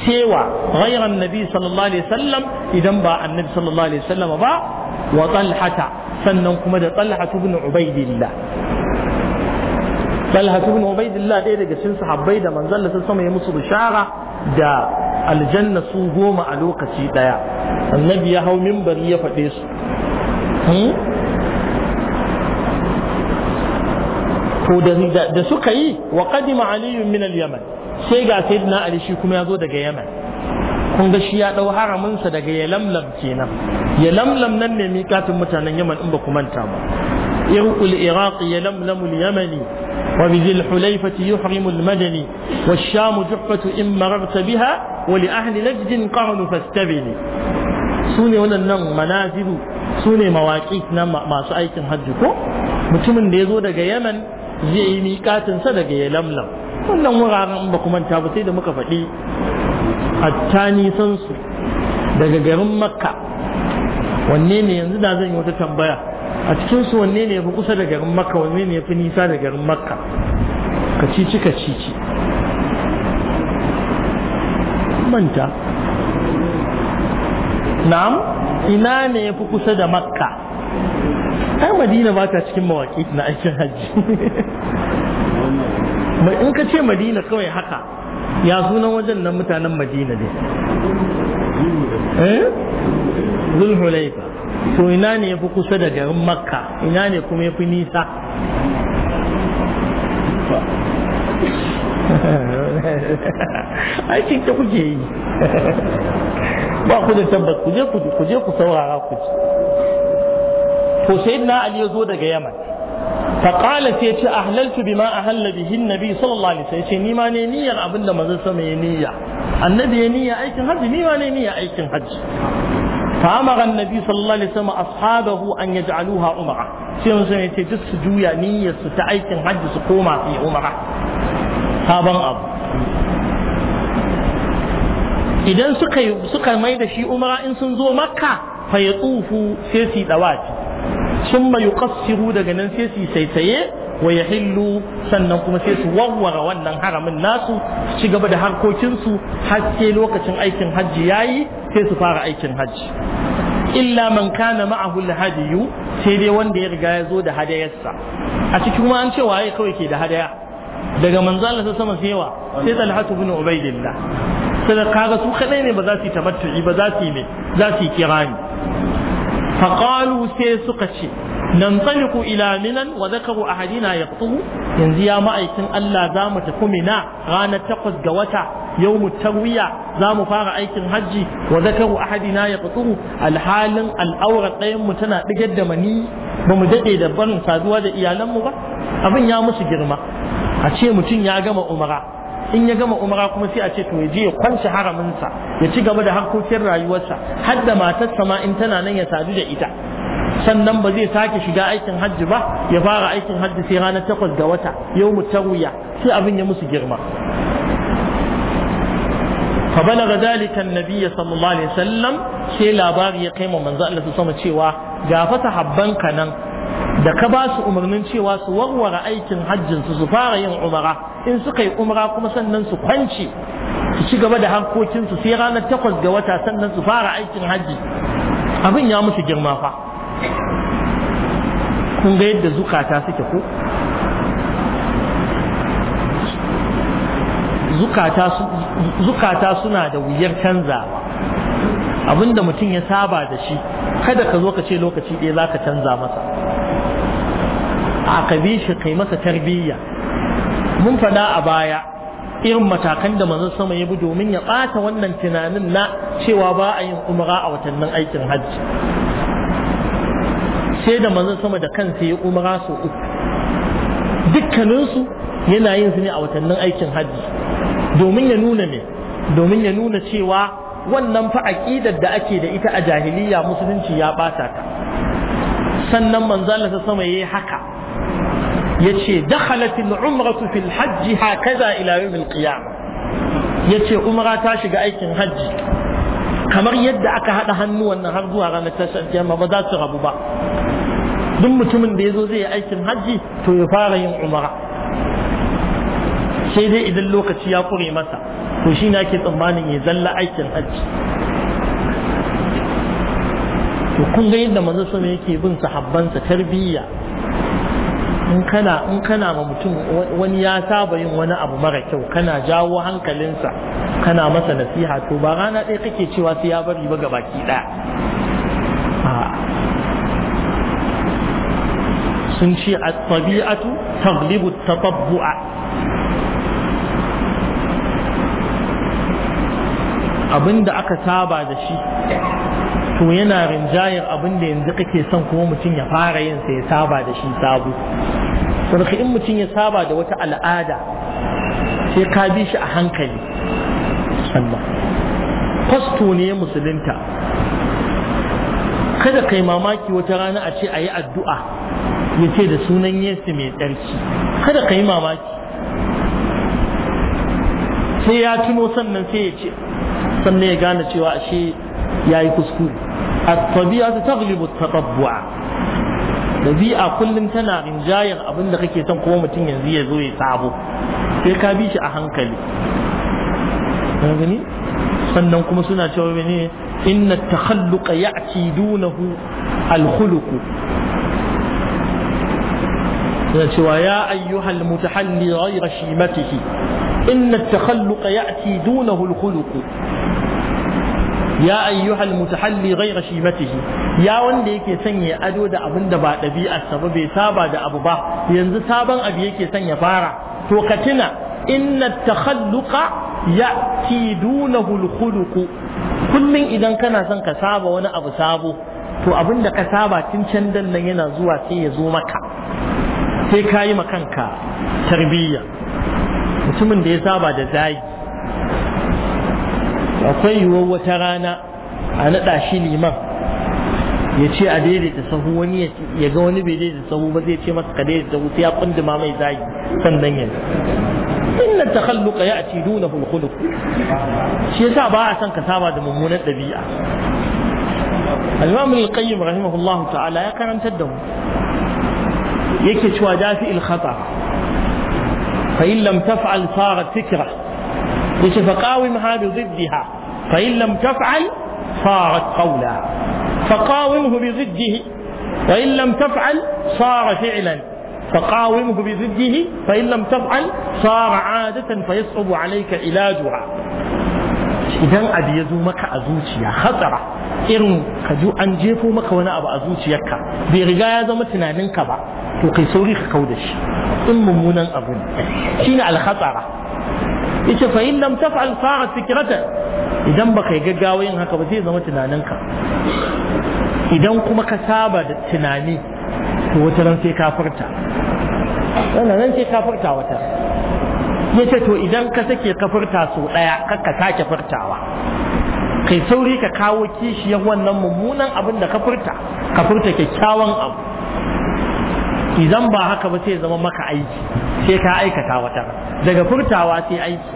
cewa rairan nabi sallallahu alaihi wasallam idan ba annabi sallallahu alaihi wasallam ba wa talhata sannan kuma da talhatu ibn ubaidillah talha ibn ubaidillah ɗaya daga cikin sahabbai da manzon sun sama ya musu bishara da aljanna su goma a lokaci ɗaya annabi ya hau minbari ya faɗe su da suka yi wa qadima aliyun min al-yaman sai ga sayyidina ali shi kuma ya zo daga yaman kun ga shi ya dau haramin sa daga yalamlam kenan yalamlam nan ne miƙatin mutanen yaman in ba ku manta ba irqul iraqi yalamlam yamani وبذي الحليفة يحرم المدني والشام جحفة إن مررت بها ولأهل نجد قرن فاستبني سوني هنا النم منازل سوني مواقيت نم ما سأيت هجكو mutumin da ya zo daga yaman zai yi miƙatinsa daga ya lamlam wannan wuraren ba kuma ta sai da muka faɗi hatta su daga garin makka wanne ne yanzu da zan yi wata tambaya a cikin su wanne ne ya fi kusa da garin makka wanne ne ya fi nisa da garin makka ka cici ka cici manta na'am ina ne ya fi kusa da makka ai madina ba ta cikin mawaki na aikin hajji Mai in ka ce madina kawai haka ya sunan wajen nan mutanen madina ne eh zulhulaifa to ina ne ya fi kusa da garin makka ina ne kuma ya fi nisa aikin ta kuke yi ba ku da tabbas ku je ku ku saurara ku ci to ali ya zo daga yaman فقال سيتي أهللت بما أهل به النبي صلى الله عليه وسلم نيما نينيا أبن لما زل سمي نية النبي نية أيكن حج نيما نينيا أيكن حج فأمر النبي صلى الله عليه وسلم أصحابه أن يجعلوها عمرة سيما سيما يتجس جويا نية ستعيك حج سقوما في عمرة هذا أبو idan suka suka mai da shi umara in sun zo makka fa tsufu sai su dawati sun mai yuqassiru daga nan sai su wa yahillu sannan kuma sai su warware wannan haramin nasu su ci gaba da harkokinsu haske lokacin aikin hajji yayi sai su fara aikin hajji illa man kana ma'ahu al-hadiyu sai dai wanda ya riga ya zo da hadayarsa a cikin kuma an ce waye kawai ke da hadaya daga manzo Allah sai sama sai Talhatu bin Ubaidillah sai kaga su kadai ne ba za su yi ba za su yi ne za sai suka ce Nan nantaliku ila minan wa zakaru ahadina yaqtuhu yanzu ya ma'aikin Allah za mu tafi mina ranar takwas ga wata yawmu tarwiya za mu fara aikin hajji wa zakaru ahadina yaqtuhu alhalin al'aura ɗayan mu tana digar da mani ba mu dade da barin saduwa da iyalan mu ba abin ya musu girma a ce mutum ya gama umara in ya gama umara kuma sai a ce to je ya kwance haraminsa ya ci gaba da harkokin rayuwarsa har da matarsa ma in tana nan ya sadu da ita sannan ba zai sake shiga aikin hajji ba ya fara aikin hajji sai ranar takwas ga wata yau mu tarwiya sai abin ya musu girma فبلغ ga النبي صلى الله عليه sallam sai labari ya kai manzo Allah sama cewa ga fata ka nan da ka ba su umarnin cewa su warware aikin hajjin su su fara yin umara in suka yi umara kuma sannan su kwance su ci gaba da harkokin su sai ranar takwas ga wata sannan su fara aikin hajji abin ya musu girma fa kun ga yadda zukata suke ko zukata suna da wuyar canzawa abinda mutum ya saba da shi kada ka zo ka ce lokaci ɗaya za ka canza masa a kabi shi kai masa tarbiyya mun faɗa a baya irin matakan da manzon sama ya bi domin ya ɓata wannan tunanin na cewa ba a yin umra a watannin aikin hajji sai da manzon sama da kansa ya umara su uku dukkaninsu yana yin su ne a watannin aikin hajji domin ya nuna me domin ya nuna cewa wannan fa aqidar da ake da ita a jahiliya musulunci ya bata ta sannan manzon Allah sama yayi haka yace dakhalatil umratu fil hajji hakaza ila yawmil qiyamah yace umra ta shiga aikin hajji kamar yadda aka haɗa hannu wannan har zuwa ranar tashar kiyama ba za su rabu ba duk mutumin da ya zo zai yi aikin hajji to ya fara yin umara sai dai idan lokaci ya kure masa to shi na ke tsammanin ya zalla aikin hajji to kun ga yadda manzo sama yake bin sahabbansa tarbiyya in kana in kana ma mutum wani ya saba yin wani abu mara kyau kana jawo hankalinsa kana masa nasiha to ba rana ɗaya kake cewa sai ya bari ba gabaki ɗaya sun ce a tabi'atu taglibu tatabbu'a abinda aka saba da shi to yana rinjayar abin da yanzu kake son kuma mutum ya fara yin sa ya saba da shi sabo saboda in mutum ya saba da wata al'ada sai ka bi shi a hankali sannan fasto ne musulunta kada kai mamaki wata rana a ce a yi addu'a ya ce da sunan yesu mai tsarki kada ka yi mamaki sai ya tuno sannan sai ya ce sannan ya gane cewa ashe ya yi kuskure الطبيعة تغلب التطبع ɗabi'a kullum tana rinjayar abin da kake son kuma mutum yanzu ya zo ya sabo sai ka bi shi a hankali gani sannan kuma suna cewa ne inna takhalluqa ya'ti dunahu al-khuluq suna cewa ya ayyuhal mutahalli ghayra shimatihi inna takhalluqa ya'ti dunahu al-khuluq ya ayyuhal mutahalli ghayra shimatihi ya wanda yake sanya ado da abin da ba ɗabi'arsa ba bai saba da abu ba yanzu sabon abu yake sanya fara to ka tuna inna takhalluqa ya'ti dunahu al-khuluq kullun idan kana son ka saba wani abu sabo to abin da ka saba tun can dan nan yana zuwa sai ya zo maka sai ka yi kanka tarbiyya mutumin da ya saba da zagi akwai yiwuwar wata rana a naɗa shi liman ya ce a daidaita sahu wani ya ga wani bai daidaita sahu ba zai ce masa ka daidaita sahu sai ya kunduma mai zagi sannan yanzu inna takhalluqa ya'ti dunahu al-khuluq shi yasa ba a san ka saba da mummunan dabi'a al-imam al-qayyim rahimahullah ta'ala ya karantar da mu yake cewa dafi al-khata fa in lam taf'al sarat fikra إذا فقاوم هذا ضدها فإن لم تفعل صارت قولا فقاومه بضده وإن لم تفعل صار فعلا فقاومه بضده فإن لم تفعل صار عادة فيصعب عليك علاجها إذا أبي يزومك أزوتيا خطرة إرم كجو أنجيفو مك وانا أبا أزوتياك برغاية زمتنا منك با توقي سوريخ كودش ممونا أظن شين على خطرة yace fa in lam taf'al fa'a fikrata idan baka yi gaggawa yin haka ba zai zama tunaninka idan kuma ka saba da tunani to wata ran sai furta wannan ran sai furta wata yace to idan ka sake kafarta so daya kakka sake furtawa kai sauri ka kawo kishiyar wannan mummunan abin da ka furta ka furta kyakkyawan abu idan ba haka ba sai zama maka aiki sai ka aikata wata daga furtawa sai aiki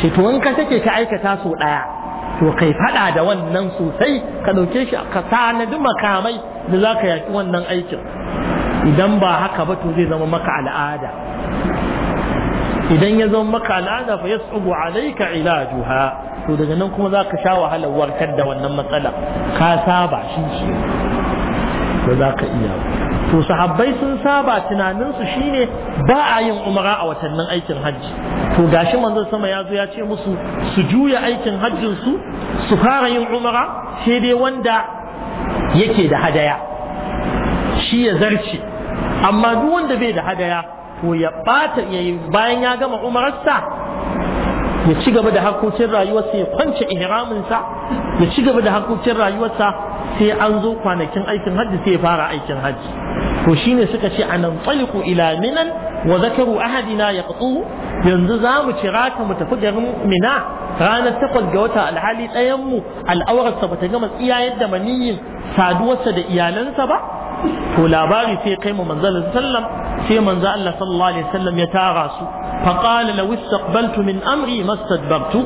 shi to in ka take ka aikata so daya to kai fada da wannan sosai ka dauke shi ka tanadi makamai da za ka yaki wannan aikin idan ba haka ba to zai zama maka al'ada idan ya zama maka al'ada fa yasubu alayka ilajuha to daga nan kuma za ka sha wahalar warkar da wannan matsala ka saba shi shi ba za ka iya to sahabbai sun saba tunaninsu shine ba a yin umara a watannin aikin hajji to gashi manzon sama ya zo ya ce musu su juya aikin hajjin su su fara yin umara sai dai wanda yake da hadaya shi ya zarce amma duk wanda bai da hadaya to ya bata yayi bayan ya gama umararsa ya ci gaba da harkokin rayuwarsa ya kwance ihraminsa ya ci gaba da harkokin rayuwarsa sai an zo kwanakin aikin hajji sai ya fara aikin hajji to shine suka ce anan taliqu ila minan wa zakaru ahadina yaqtu yanzu za mu kira ka mu tafi garin mina ranar takwas ga wata alhali ɗayan mu al'aurarsa bata gama tsiya yadda maniyin saduwarsa da iyalansa ba to labari sai kai mu manzon sallam sai manzo Allah sallallahu alaihi wasallam ya tara su fa qala law istaqbaltu min amri mastadbartu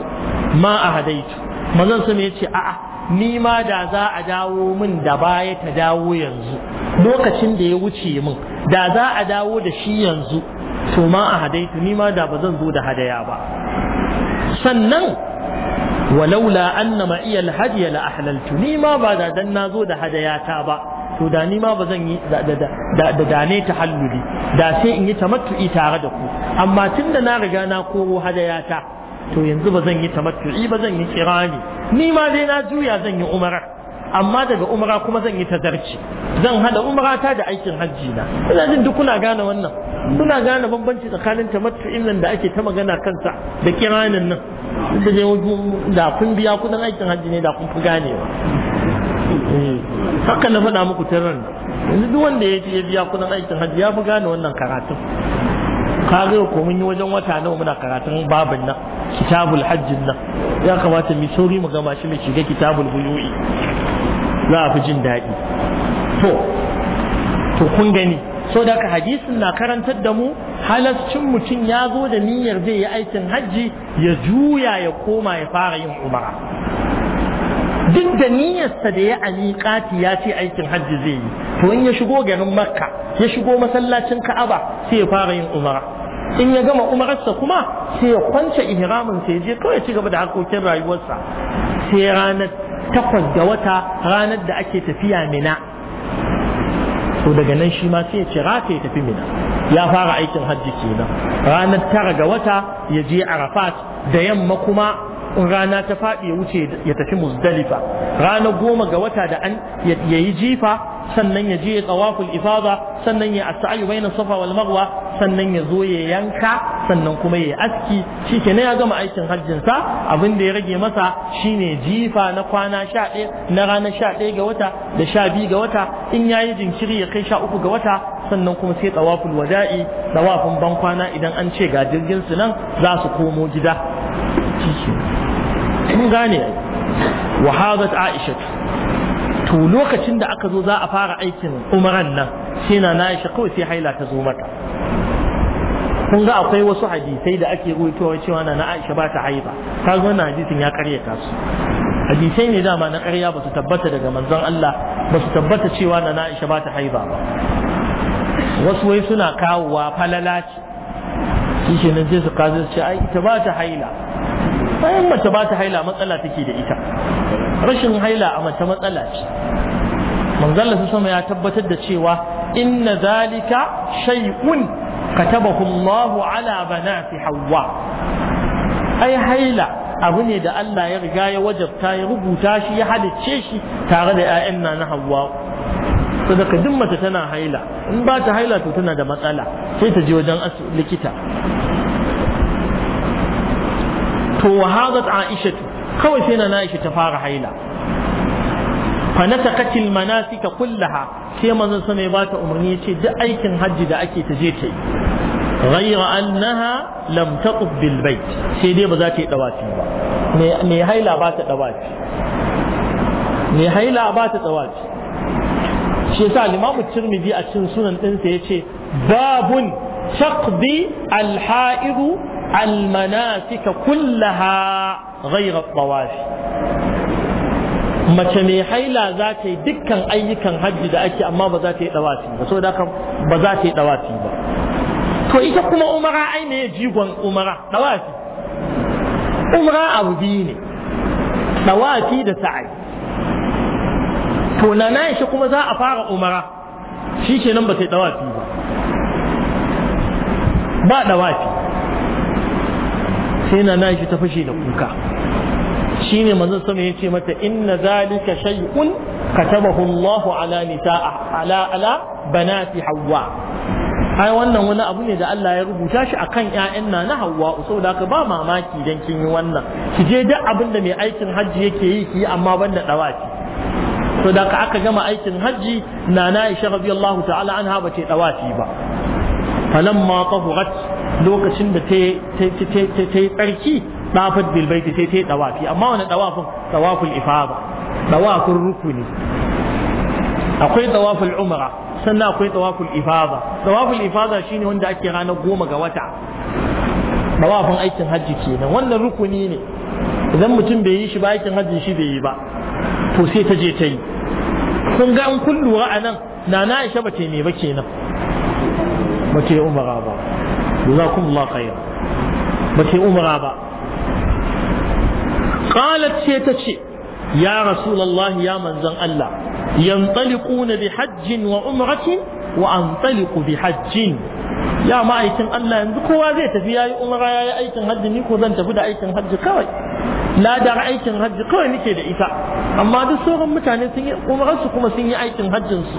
ma ahadaitu manzon sa ya ce a'a ni ma da za a dawo min da baya ta dawo yanzu lokacin da ya wuce min da za a dawo da shi yanzu to ma ahadaitu ni ma da ba zan zo da hadaya ba sannan walaula annama ma iyal hadiya la ahlaltu ni ma ba da dan nazo da hadayata ba to da ni ma ba zan yi da ne ta halluli da sai in yi tamattu'i tare da ku amma tun da na riga na koro hadayata to yanzu ba zan yi tamattu'i ba zan yi kirani ni ma dai na juya zan yi umara amma daga umara kuma zan yi tazarci zan hada umarata da aikin hajji na ina jin duk kuna gane wannan kuna gane bambanci tsakanin tamattu'in nan da ake ta magana kansa da kiranin nan da kun biya kudin aikin hajji ne da kun fi ganewa eh. haka na faɗa muku tarar yanzu duk wanda ya je biya kudin aikin hajji ya fi gane wannan karatun ka ga ko mun yi wajen wata nawa muna karatun babin nan kitabul hajjin nan ya kamata mu sauri mu gama shi mu shiga kitabul buyu'i za a fi jin daɗi to to kun gani so da ka hadisin na karantar da mu halascin mutum ya zo da niyyar zai yi aikin hajji ya juya ya koma ya fara yin umara duk da niyyarsa da ya kati ya ce aikin hajji zai yi to in ya shigo garin makka ya shigo masallacin ka'aba sai ya fara yin umara in ya gama umararsa kuma sai ya kwance ihramin sai je kawai ci gaba da harkokin rayuwarsa sai ranar takwas da wata ranar da ake tafiya mina to daga nan shi ma sai ya ce rata ya tafi mina ya fara aikin hajji kenan ranar tara ga wata ya je arafat da yamma kuma in rana ta faɗi ya wuce ya tafi muzdalifa rana goma ga wata da an ya yi jifa sannan ya je ya tsawaful ifada sannan ya asa'ayu bainas safa wal marwa sannan ya zo ya yanka sannan kuma ya aski shi ke ya gama aikin hajjin sa abin da ya rage masa shine jifa na kwana sha na ranar sha ɗaya ga wata da sha biyu ga wata in yayi jinkiri ya kai sha uku ga wata sannan kuma sai tsawaful wada'i tsawafin bankwana idan an ce ga jirgin su nan za su komo gida mun gane wa hadat aisha to lokacin da aka zo za a fara aikin umaran nan sai na aisha kawai sai haila ta zo mata kun ga akwai wasu hadisai da ake ruwaitowa cewa na na aisha ba ta haiba ta zo wannan hadisin ya karyata su hadisai ne dama na karya ba su tabbata daga manzon Allah ba su tabbata cewa na na aisha ba ta haiba ba wasu wai suna kawowa falala ce shi zai nan sai su ce ai ita ba ta haila bayan mace ba ta haila matsala take da ita rashin haila a mace matsala ce manzalla su sama ya tabbatar da cewa inna zalika shay'un katabahu Allahu ala banati Hauwa. ai haila abu ne da Allah ya riga ya wajabta ya rubuta shi ya halicce shi tare da 'ya'yan na na Hawwa sadaka duk mace tana haila in ba ta haila to tana da matsala sai ta je wajen likita to wahadat aisha kawai sai na aisha ta fara haila fa nasaqat al manasika kullaha sai manzon sa ne bata umarni yace duk aikin hajji da ake ta je ta yi ghayra annaha lam taquf bil bait sai dai ba za ta yi dawafi ba me haila ba ta dawafi me haila ba ta dawafi shi yasa limamu tirmidhi a cikin sunan ɗinsa ya ce babun taqdi alha'idu almanasika kullaha ghayra tawafi mace mai haila za ta yi dukkan ayyukan hajji da ake amma ba za ta yi dawafi ba saboda haka ba za ta yi dawafi ba to ita kuma umara ai ne jigon umara dawafi umara abu biyu ne dawafi da sa'ai to na nan shi kuma za a fara umara shi nan ba ta yi dawafi ba ba dawafi sai na na shi ta fashe da kuka shi ne mazan sama ya ce mata inna zalika shay'un katabahu Allahu ala nisa'a ala ala banati Hawwa ai wannan wani abu ne da Allah ya rubuta shi akan ƴaƴan na na Hawwa saboda haka ba mamaki dan kin yi wannan ki je duk abin da mai aikin hajji yake yi ki amma banda dawaki to da aka gama aikin hajji na na Aisha radiyallahu ta'ala anha bace dawaki ba falamma tahurat lokacin da ta yi tsarki ɗafat bilbaiti sai ta yi ɗawafi amma wani ɗawafin ɗawaful ifaba ɗawafin rukuni akwai ɗawaful umara sannan akwai ɗawaful ifaba ɗawaful ifaba ne wanda ake ranar goma ga wata ɗawafin aikin hajji kenan wannan rukuni ne idan mutum bai yi shi ba aikin hajji shi bai yi ba to sai ta je ta yi kun ga an kun lura a nan na na aisha ba ce me ba kenan ba ce umara ba jazakumullahu khairan ba ce umra ba qalat ta ce ya rasulallahi ya manzon Allah yanṭaliquna bi hajjin wa umratin wa antaliqu bi hajjin ya ma'aikin Allah yanzu kowa zai tafi yayi umra yayi aikin hajji ni ko zan tafi da aikin hajji kawai ladar aikin hajji kawai nake da ita amma duk sauran mutane sun yi umarsu kuma sun yi aikin hajjinsu. su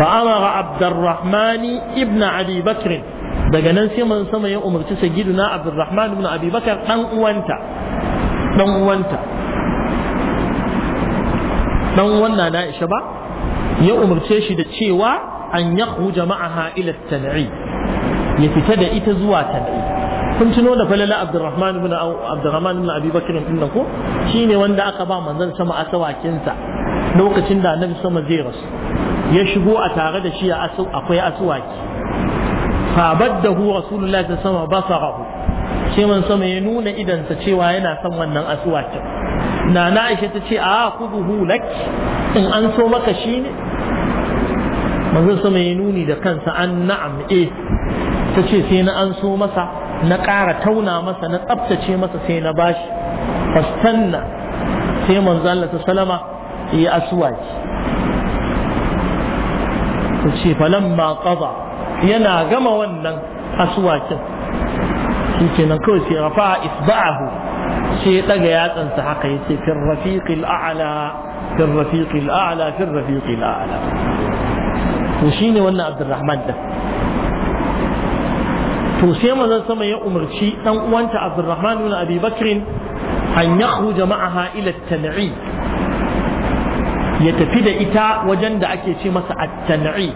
fa amara abdurrahman ibn ali daga nan sai man sama ya umarci sayyiduna abdurrahman ibn abi bakar dan uwanta dan uwanta dan wannan na isha ba ya umarce shi da cewa an yakhruja ma'aha ila tan'i ya fita da ita zuwa tan'i kun tuno da falala abdurrahman ibn abdurrahman ibn abi din nan ko shine wanda aka ba manzon sama asawakin sa lokacin da annabi sama zai rasu ya shigo a tare da shi akwai asuwaki fabaddahu rasulullahi ta sama basarahu sai man sama ya nuna idansa cewa yana son wannan aswakin na na aisha ta ce a kuduhu lak in an so maka shi ne manzon sama ya nuni da kansa an na'am eh ta ce sai na an so masa na ƙara tauna masa na tsabtace masa sai na bashi fastanna sai manzon Allah ta salama ya aswaji ta ce falamma qada yana gama wannan asuwakin shi kenan kawai sai rafa isba'ahu sai ya daga yatsansa haka ya ce fir rafiqil a'la fir rafiqil a'la fir rafiqil a'la to shine wannan Abdurrahman din to sai manzon sama ya umarci dan uwanta Abdurrahman ibn Abi Bakr an yakhruja ma'aha ila at-tan'i ya tafi da ita wajen da ake ce masa at-tan'i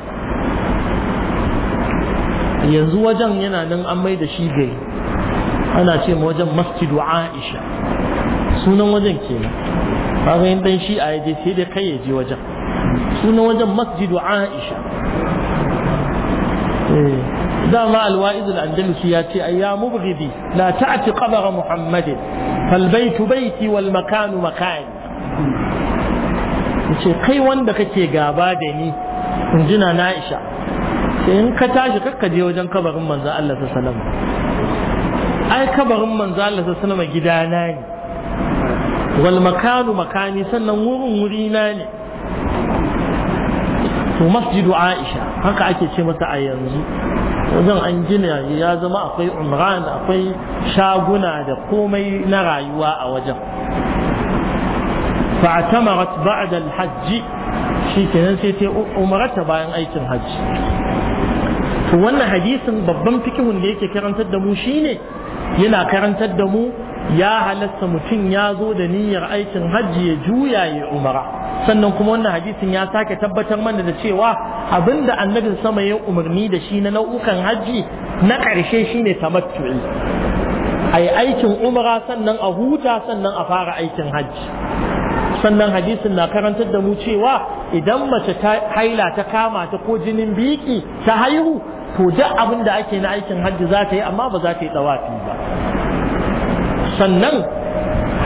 yanzu wajen yana nan an mai da shi gari ana ce ma wajen masjidu aisha sunan wajen kenan kaga yin dan shi a yaje sai da kai yaje wajen sunan wajen masjidu aisha eh, dama alwa'iz al-andalusi ya ce ayya mubghidi la ta'ti qabra muhammadin fal baytu bayti wal makanu makani yace kai wanda kake gaba da ni injina na aisha in ka tashi kakka je wajen kabarin manzo Allah ta salama ai kabarin manzo Allah ta salama gidana ne wal makanu makani sannan wurin wurina ne to masjidu aisha haka ake ce masa a yanzu wajen an gina ya zama akwai umran akwai shaguna da komai na rayuwa a wajen fa'atamarat ba'da al-hajj shikenan sai ta umararta bayan aikin hajji wannan hadisin babban fikihun da yake karantar da mu shine yana karantar da mu ya halasta mutum ya zo da niyyar aikin hajji ya juya ya umara sannan kuma wannan hadisin ya sake tabbatar mana da cewa abinda annabi sama ya umarni da shi na nau'ukan hajji na ƙarshe shine tamattu'i ai aikin umara sannan a huta sannan a fara aikin hajji sannan hadisin na karantar da mu cewa idan mace ta haila ta kama ta ko jinin biki ta haihu to duk abin da ake na aikin hajji za ta yi amma ba za ta yi tsawafi ba sannan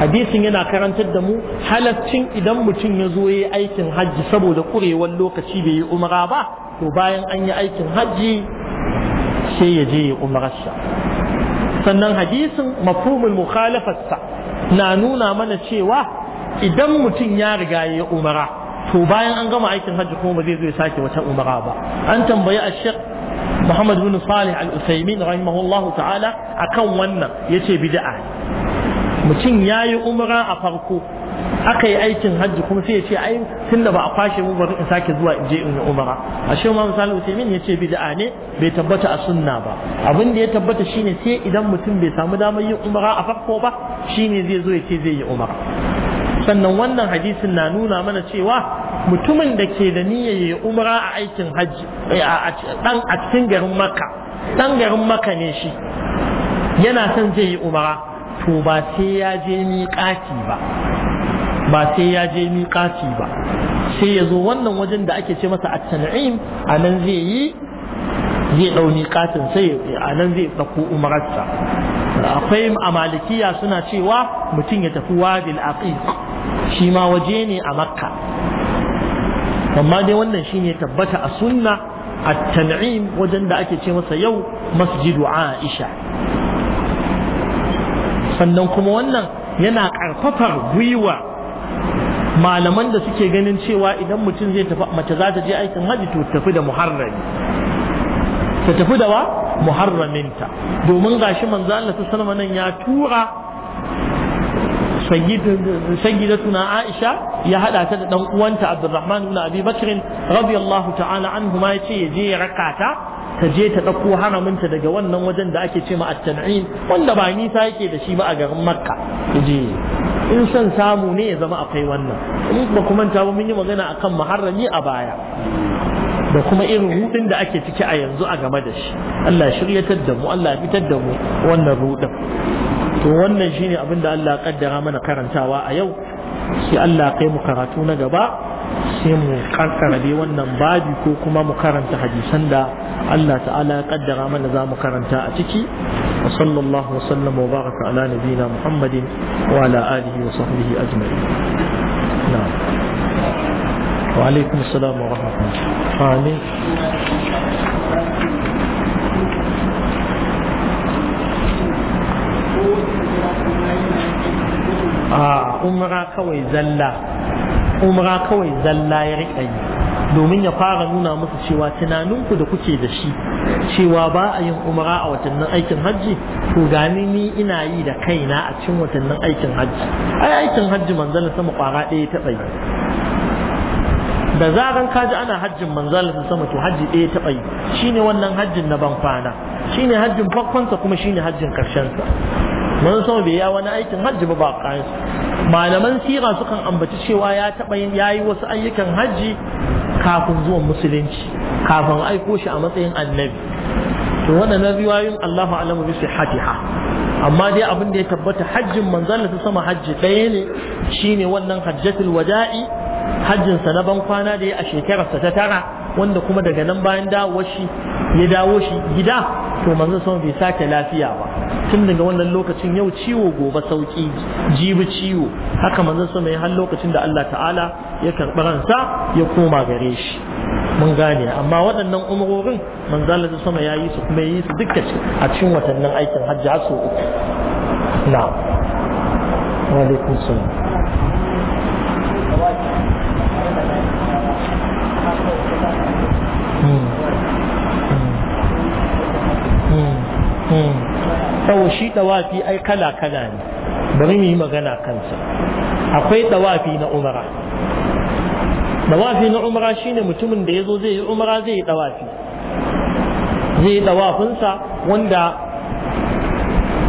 hadisin yana karantar da mu halaccin idan mutum ya zo ya aikin hajji saboda kurewar lokaci bai yi umara ba to bayan an yi aikin hajji sai ya je ya umararsa sannan hadisin mafhumul mukhalafarsa na nuna mana cewa idan mutum ya riga ya umara to bayan an gama aikin hajji kuma ba zai zo ya sake wata umara ba an tambayi a Muhammad bin Salih al-Usaimin rahimahullahu ta'ala akan wannan yace bid'a mutum yayi umra a farko aka yi aikin hajji kuma sai ya ce ai tunda ba a kwashe mu bari in sake zuwa in je in yi umara a shi ma misali Usaimin ya ce bid'a ne bai tabbata a sunna ba abin da ya tabbata shine sai idan mutum bai samu damar yin umara a farko ba shine zai zo ya ce zai yi umara sannan wannan hadisin na nuna mana cewa mutumin da ke da niyyar ya umra a aikin hajji eh, dan a cikin garin makka dan garin makka ne shi yana son zai yi umra to ba sai ya je miƙati ba ba sai ya je miƙati ba sai ya zo wannan wajen da ake ce masa at-tan'im a nan zai yi zai ɗau miƙatin sai a nan zai ɗauko umararsa akwai a malikiya suna cewa mutum ya tafi wajen aqiq shi ma waje ne a makka amma dai wannan shi ne tabbata a sunna a tan'im wajen da ake ce masa yau masjidu aisha sannan kuma wannan yana karfafar gwiwa malaman da suke ganin cewa idan mutum zai tafi mace za ta je aikin hajji to tafi da muharrami ta tafi da wa muharraminta domin gashi manzo Allah sallallahu alaihi wasallam nan ya tura sayyidatuna Aisha ya hada ta da dan uwanta Abdurrahman ibn Abi Bakr radiyallahu ta'ala anhu ma ya yaje ya raka ta ta je ta ɗauko haraminta daga wannan wajen da ake cewa at-tan'im wanda ba nisa yake da shi ba a garin Makka je in san samu ne ya zama akwai wannan in ba kuma ta ba mun yi magana a kan muharrami a baya da kuma irin ruɗin da ake ciki a yanzu a game da shi Allah shiryatar da mu Allah fitar da mu wannan rudin to wannan shine abin da Allah kaddara mana karantawa a yau sai Allah kai mu karatu na gaba sai mu karkarabe wannan babi ko kuma mu karanta hadisan da Allah ta'ala ya kaddara mana za mu karanta a ciki wa sallallahu wa sallam wa baraka ala nabiyina Muhammadin wa ala alihi wa sahbihi ajma'in na'am wa alaikum assalam wa rahmatullahi umra kawai zalla umra kawai zalla ya riƙa yi domin ya fara nuna musu cewa tunaninku da kuke da shi cewa ba a yin umra a watannin aikin hajji to gani ni ina yi da kaina a cikin watannin aikin hajji ai aikin hajji manzala sama kwara ɗaya ta ɓai, da zaran ka ji ana hajjin manzala sama to hajji ɗaya ta shi shine wannan hajjin na ban kwana shine hajjin farkonsa kuma shine hajjin karshensa mun san bai ya wani aikin hajji ba ba kayan malaman sira sukan ambaci cewa ya taba yayi wasu ayyukan hajji kafin zuwan musulunci kafin aiko shi a matsayin annabi to waɗannan riwayoyin Allahu a'lamu bi sihhatiha amma dai abin da ya tabbata hajjin manzon ta sama hajji ɗaya ne shine wannan hajjatul wada'i hajjin sa na ban kwana da ya a shekararsa ta tara wanda kuma daga nan bayan dawo shi ya dawo shi gida to manzo sama bai sake lafiya ba tun daga wannan lokacin yau ciwo gobe sauki jibi ciwo haka manzo sama ya har lokacin da Allah ta'ala ya karɓi ransa ya koma gare shi mun gane amma waɗannan umarorin manzo Allah sama ya yi su kuma ya yi su dukkan a cikin watannin aikin hajji har uku na'am wa alaikum salam dawafi ai kala kala ne bari mu yi magana kansa akwai dawafi na umara dawafi na umara shine mutumin da yazo zai yi umara zai yi dawafi zai yi dawafinsa wanda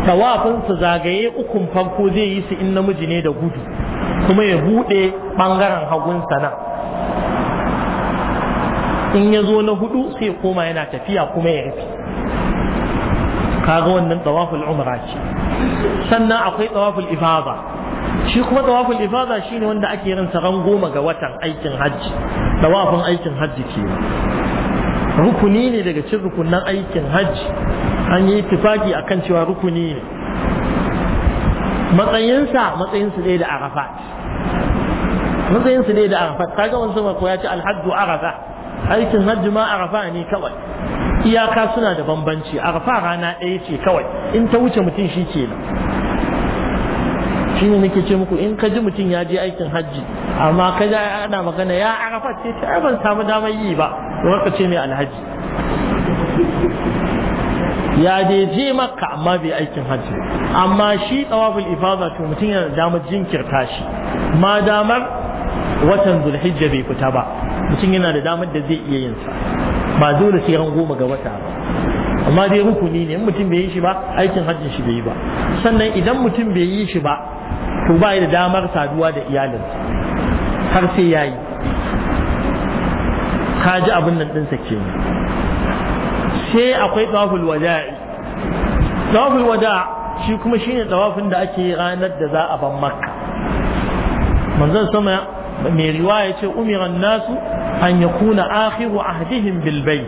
dawafinsa zagaye ukun farko zai yi su in namiji ne da gudu kuma ya bude bangaren hagun sana in ya zo na hudu sai koma yana tafiya kuma ya rufe kaga wannan tawaful umra ce sannan akwai tawaful ifada shi kuma tawaful ifada shine wanda ake yin sa ran goma ga watan aikin hajji tawafin aikin hajji ke rukuni ne daga cikin rukunan aikin hajji an yi tifaki akan cewa rukuni ne matsayinsa matsayinsa ne da arafat matsayinsa ne da arafat kaga wani sama ko ya ce alhaddu arafa aikin hajji ma arafa ne kawai iyaka suna da bambanci arfa rana ɗaya ce kawai in ta wuce mutum shi ke nan shi ne nake ce muku in ka ji mutum ya je aikin hajji amma ka ji ana magana ya arafa ce ta ban samu damar yi ba ka ce mai alhaji ya dai je makka amma bai aikin hajji amma shi tsawafin ifada to mutum yana da damar jinkirta shi ma damar watan zulhijja bai fita ba mutum yana da damar da zai iya yin sa ba dole sai ran goma ga wata ba amma dai rukuni ne in mutum bai yi shi ba aikin hajjin shi bai yi ba sannan idan mutum bai yi shi ba to ba da damar saduwa da iyalin har sai ya yi ka ji abin nan ɗinsa ke sai akwai tsawafin wada'i tsawafin wada shi kuma shine tsawafin da ake ranar da za a ban makka manzon sama mai riwaya ce umiran nasu an yakuna akhiru ahdihim bil bait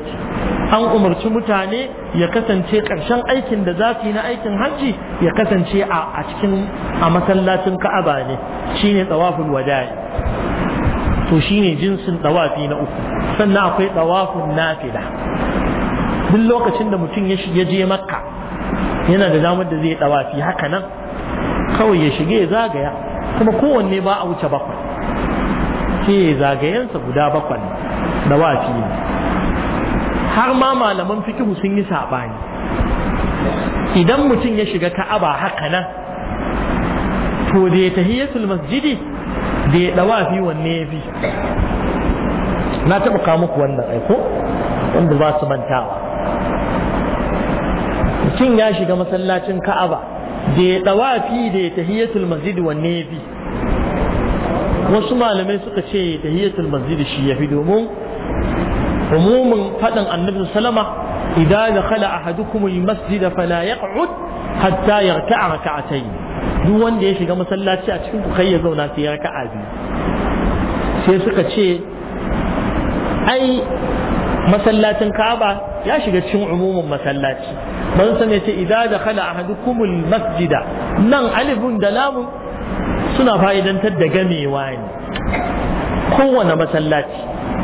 an umarci mutane ya kasance ƙarshen aikin da za su yi na aikin hajji ya kasance a cikin a masallacin ka'aba ne shine tsawaful wada'i to shine jinsin tsawafi na uku sannan akwai tsawaful nafila duk lokacin da mutum ya je makka yana da damar da zai tsawafi haka nan kawai ya shige ya zagaya kuma kowanne ba a wuce bakwai sai zagayensa guda bakwai da wafi har ma malaman fikihu sun yi saɓani idan mutum ya shiga ka'aba haka nan to da ya tahiyatul masjidi da ya dawafi wanne ya fi na taɓa kawo muku wannan aiko wanda ba su mantawa mutum ya shiga masallacin ka'aba da ya dawafi da ya tahiyatul masjidi wanne ya fi wasu malamai suka ce hiyatul masjid shi yafi domin umumin faɗin annabi sallama idan dakhala ahadukum almasjid fala yaq'ud hatta yarka'a rak'atayn duk wanda ya shiga masallaci a cikin kai ya zauna sai ya raka'a biyu sai suka ce ai masallacin Ka'aba ya shiga cikin umumin masallaci manzo ya ce idza dakhala ahadukumul masjida nan alifun da lamun suna fa'idantar da gamewa ne kowane masallaci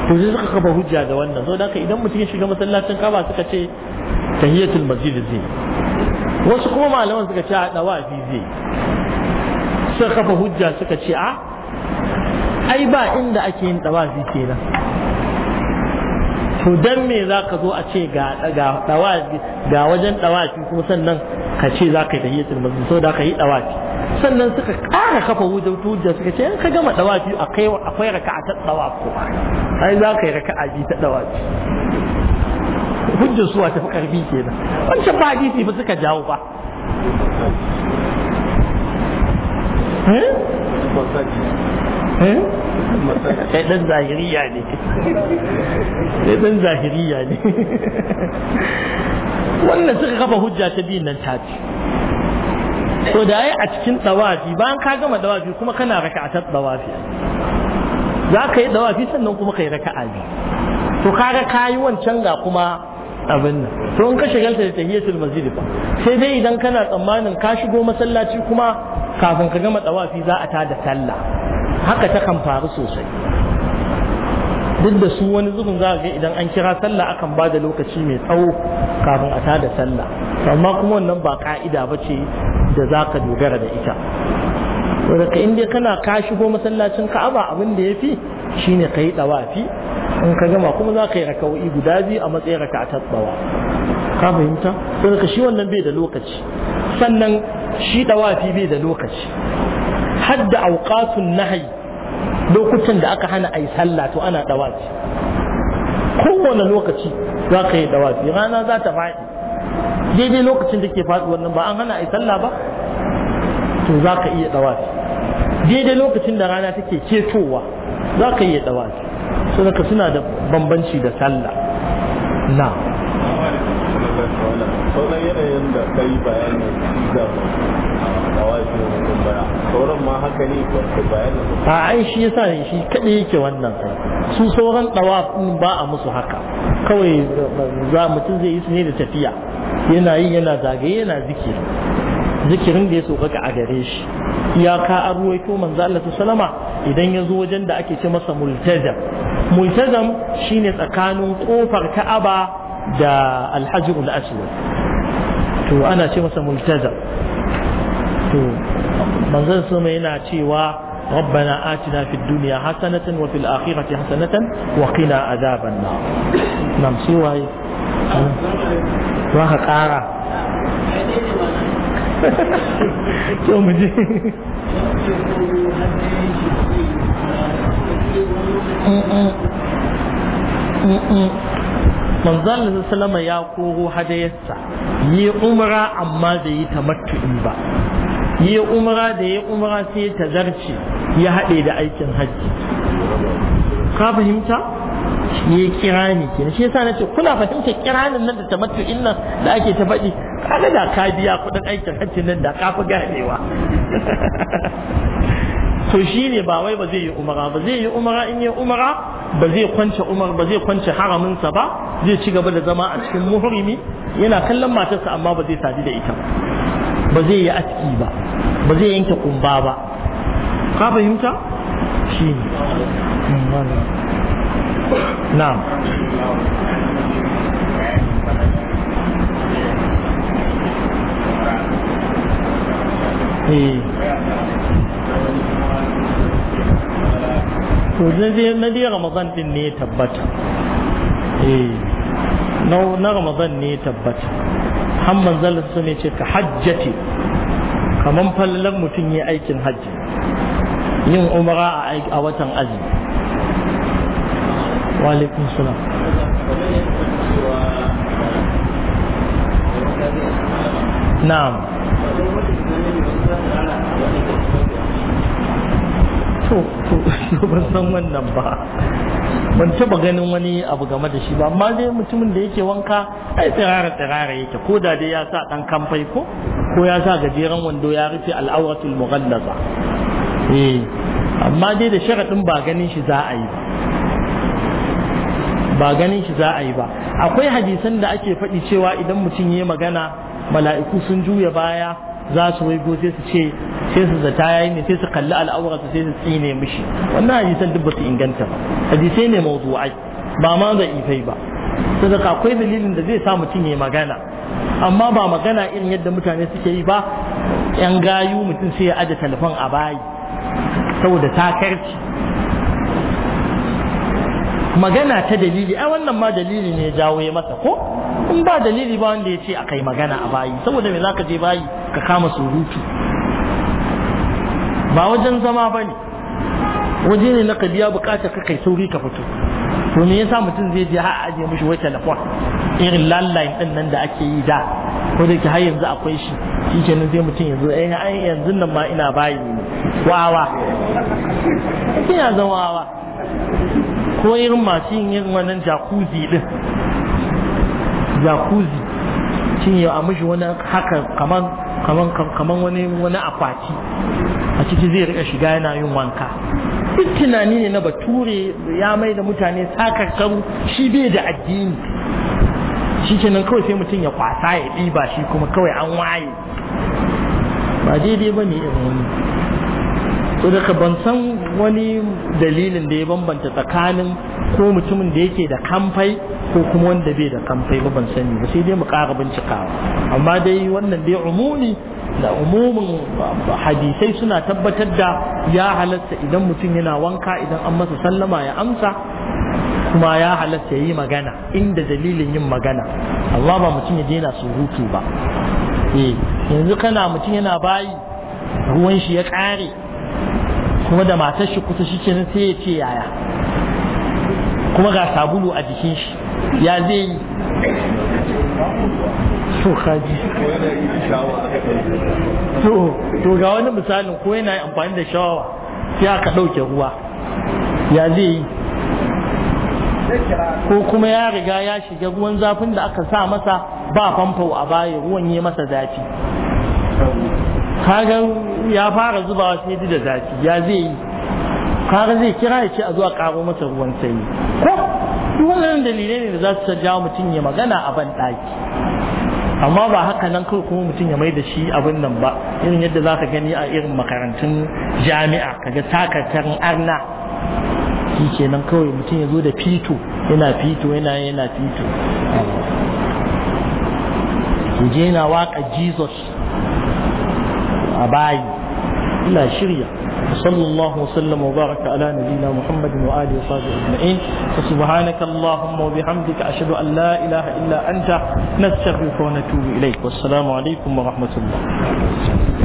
to suka kafa hujja da wannan zo da idan mutum ya shiga masallacin kaba suka ce ta tahiyatul masjid zai wasu kuma malaman suka ce a dawafi zai suka kafa hujja suka ce a ai ba inda ake yin ke kenan to dan me za ka zo a ce ga ga ga wajen dawafi kuma sannan ka ce za ka yi tahiyatul masjid so da ka yi sannan suka ƙara kafa hujja suka ce in ka gama dawafi akwai raka'a ta dawafo ai za ka yi raka'a bi ta dawafi hujjar suwa ta fi ke kenan wancan ba hadisi ba suka jawo ba eh? Eh? kai zahiriya ne kai zahiriya ne wannan suka kafa hujja ta biyun nan ta ce to da yi a cikin dawafi bayan ka gama dawafi kuma kana raka'atar dawafi za ka yi dawafi sannan kuma ka yi raka'a biyu to kaga ka yi wancan ga kuma abin nan to in ka shagalta da tahiyatul masjid ba sai dai idan kana tsammanin ka shigo masallaci kuma kafin ka gama dawafi za a tada sallah haka ta kan faru sosai duk da su wani zubin za ga idan an kira sallah akan ba da lokaci mai tsawo kafin a tada sallah amma kuma wannan ba ka'ida ba ce da za ka dogara da ita daga inda kana ka shigo masallacin ka'aba abin da ya fi shine ka yi ɗawafi in ka gama kuma za ka yi raka'o'i guda biyu a matsayin raka ta tsawa ka fahimta daga shi wannan bai da lokaci sannan shi ɗawafi bai da lokaci hadda auqatun nahyi lokutan da aka hana a yi sallah to ana dawafi kowane lokaci za ka yi dawafi rana za ta faɗi daidai lokacin da ke faɗi wannan ba an hana a yi sallah ba to za ka iya dawafi daidai lokacin da rana take ketowa za ka iya dawafi so ka suna da bambanci da sallah na yanayin da kai bayanin hawa shi ya sauran ma ne shi yasa shi kadai yake wannan su sauran ɗawa ba a musu haka kawai za mutum zai yi su ne da tafiya yana yi yana zagaye yana zikiri zikirin da ya sokaka a gare shi iyaka a ruwaito manzo Allah salama idan ya zo wajen da ake ce masa multazam multazam shine tsakanin kofar Ka'aba da alhajjul aswad to ana ce masa multazam to manzon yana cewa ربنا آتنا في الدنيا حسنة وفي الآخرة حسنة وقنا عذاب النار نعم سوى راح قارا يوم جي manzon sallama ya koro hadayarsa yi umra amma bai yi tamattu'in ba Yi umra da ya umra sai ya tazarci ya haɗe da aikin hajji ka fahimta ya kirani kenan shi yasa nace kuna fahimta kiranin nan da ta tamattu nan da ake ta faɗi kaga da ka biya kuɗin aikin hajji nan da ka fi ganewa to ne ba wai ba zai yi umara ba zai yi umara in yi umara ba zai kwance umar ba zai kwance haraminsa ba zai ci gaba da zama a cikin muhrimi yana kallon matarsa amma ba zai sadu da ita ba ba zai yi aski ba ba zai yanke kumba ba ka fahimta shi ne hmm, na'am eh. na dai ramadan din ne tabbata eh. na ramadan ne ya tabbata hamman zalar su ne ce ka hajjati kamar fallar mutum ya aikin hajji yin umara a watan azumi walaikun suna na'am to to ban san wannan ba ban taba ganin wani abu game da shi ba amma dai mutumin da yake wanka ai tsirara tsirara yake ko da dai ya sa dan kamfai ko ko ya sa gajeren wando ya rufe al'awatul mughallaza eh amma dai da sharadin ba ganin shi za a yi ba ganin shi za a yi ba akwai hadisan da ake faɗi cewa idan mutum ya yi magana mala'iku sun juya baya za su waigo sai su ce sai su zata yayi ne sai su kalli al'aurarsa sai su tsine mishi wannan hadisan duk ba su inganta ba hadisai ne mawdu'ai ba ma da ifai ba saboda akwai dalilin da zai sa mutum ya magana amma ba magana irin yadda mutane suke yi ba yan gayu mutum sai ya aje telefon a bayi saboda takarci magana ta dalili a wannan ma dalili ne jawo ya masa ko in ba dalili ba wanda ya ce a kai magana a bayi saboda me zaka je bayi ka kama surutu ba wajen zama ba ne waje ne na ka biya bukatar ka kai sauri ka fito to me yasa mutum zai je har aje mishi wai telefon irin landline din nan da ake yi da ko da ke har yanzu akwai shi shi kenan zai mutum yanzu eh, ai yanzu nan ma ina bayi ne wawa ina zama wawa ko irin masu yin irin wannan jacuzzi din jacuzzi shi ya a mishi wani haka kaman wani wani akwati a ciki zai rika shiga yana yin wanka duk tunani ne na bature ya mai da mutane sakarkaru shi bai da addini shi kenan kawai sai mutum ya kwasa ya ɗiba shi kuma kawai an waye ba daidai ba ne irin wani ko daga ban san wani dalilin da ya bambanta tsakanin ko mutumin da yake da kamfai ko kuma wanda bai da kamfai ba ban sani ba sai dai mu ƙara bincikawa amma dai wannan dai umumi da umumin hadisai suna tabbatar da ya halatta idan mutum yana wanka idan an masa sallama ya amsa kuma ya halatta ya yi magana inda dalilin yin magana amma ba mutum ya daina surutu ba eh, yanzu kana mutum yana bayi ruwan shi ya ƙare kuma da matar shi kusa shi kenan sai ya ce yaya kuma ga sabulu a jikin shi ya zai yi so kaji to ga wani misalin ko yana amfani da shawawa sai aka ɗauke ruwa ya zai yi ko kuma ya riga ya shiga ruwan zafin da aka sa masa ba famfo a baya ruwan yi masa zafi kagan ya fara zubawa sai ji da zafi ya zai yi kaga zai kira ya ce a zuwa karo masa ruwan sanyi ko wannan dalilai ne da za su jawo mutum ya magana a ban ɗaki amma ba haka nan kawai kuma mutum ya mai da shi abin nan ba irin yadda za ka gani a irin makarantun jami'a kaga takatar arna shi kenan kawai mutum ya zo da fito yana fito yana yana fito Ku je na waka jesus a bayi ina shirya صلى الله وسلم وبارك على نبينا محمد وآله وصحبه أجمعين فسبحانك اللهم وبحمدك أشهد أن لا إله إلا أنت نستغفرك ونتوب إليك والسلام عليكم ورحمة الله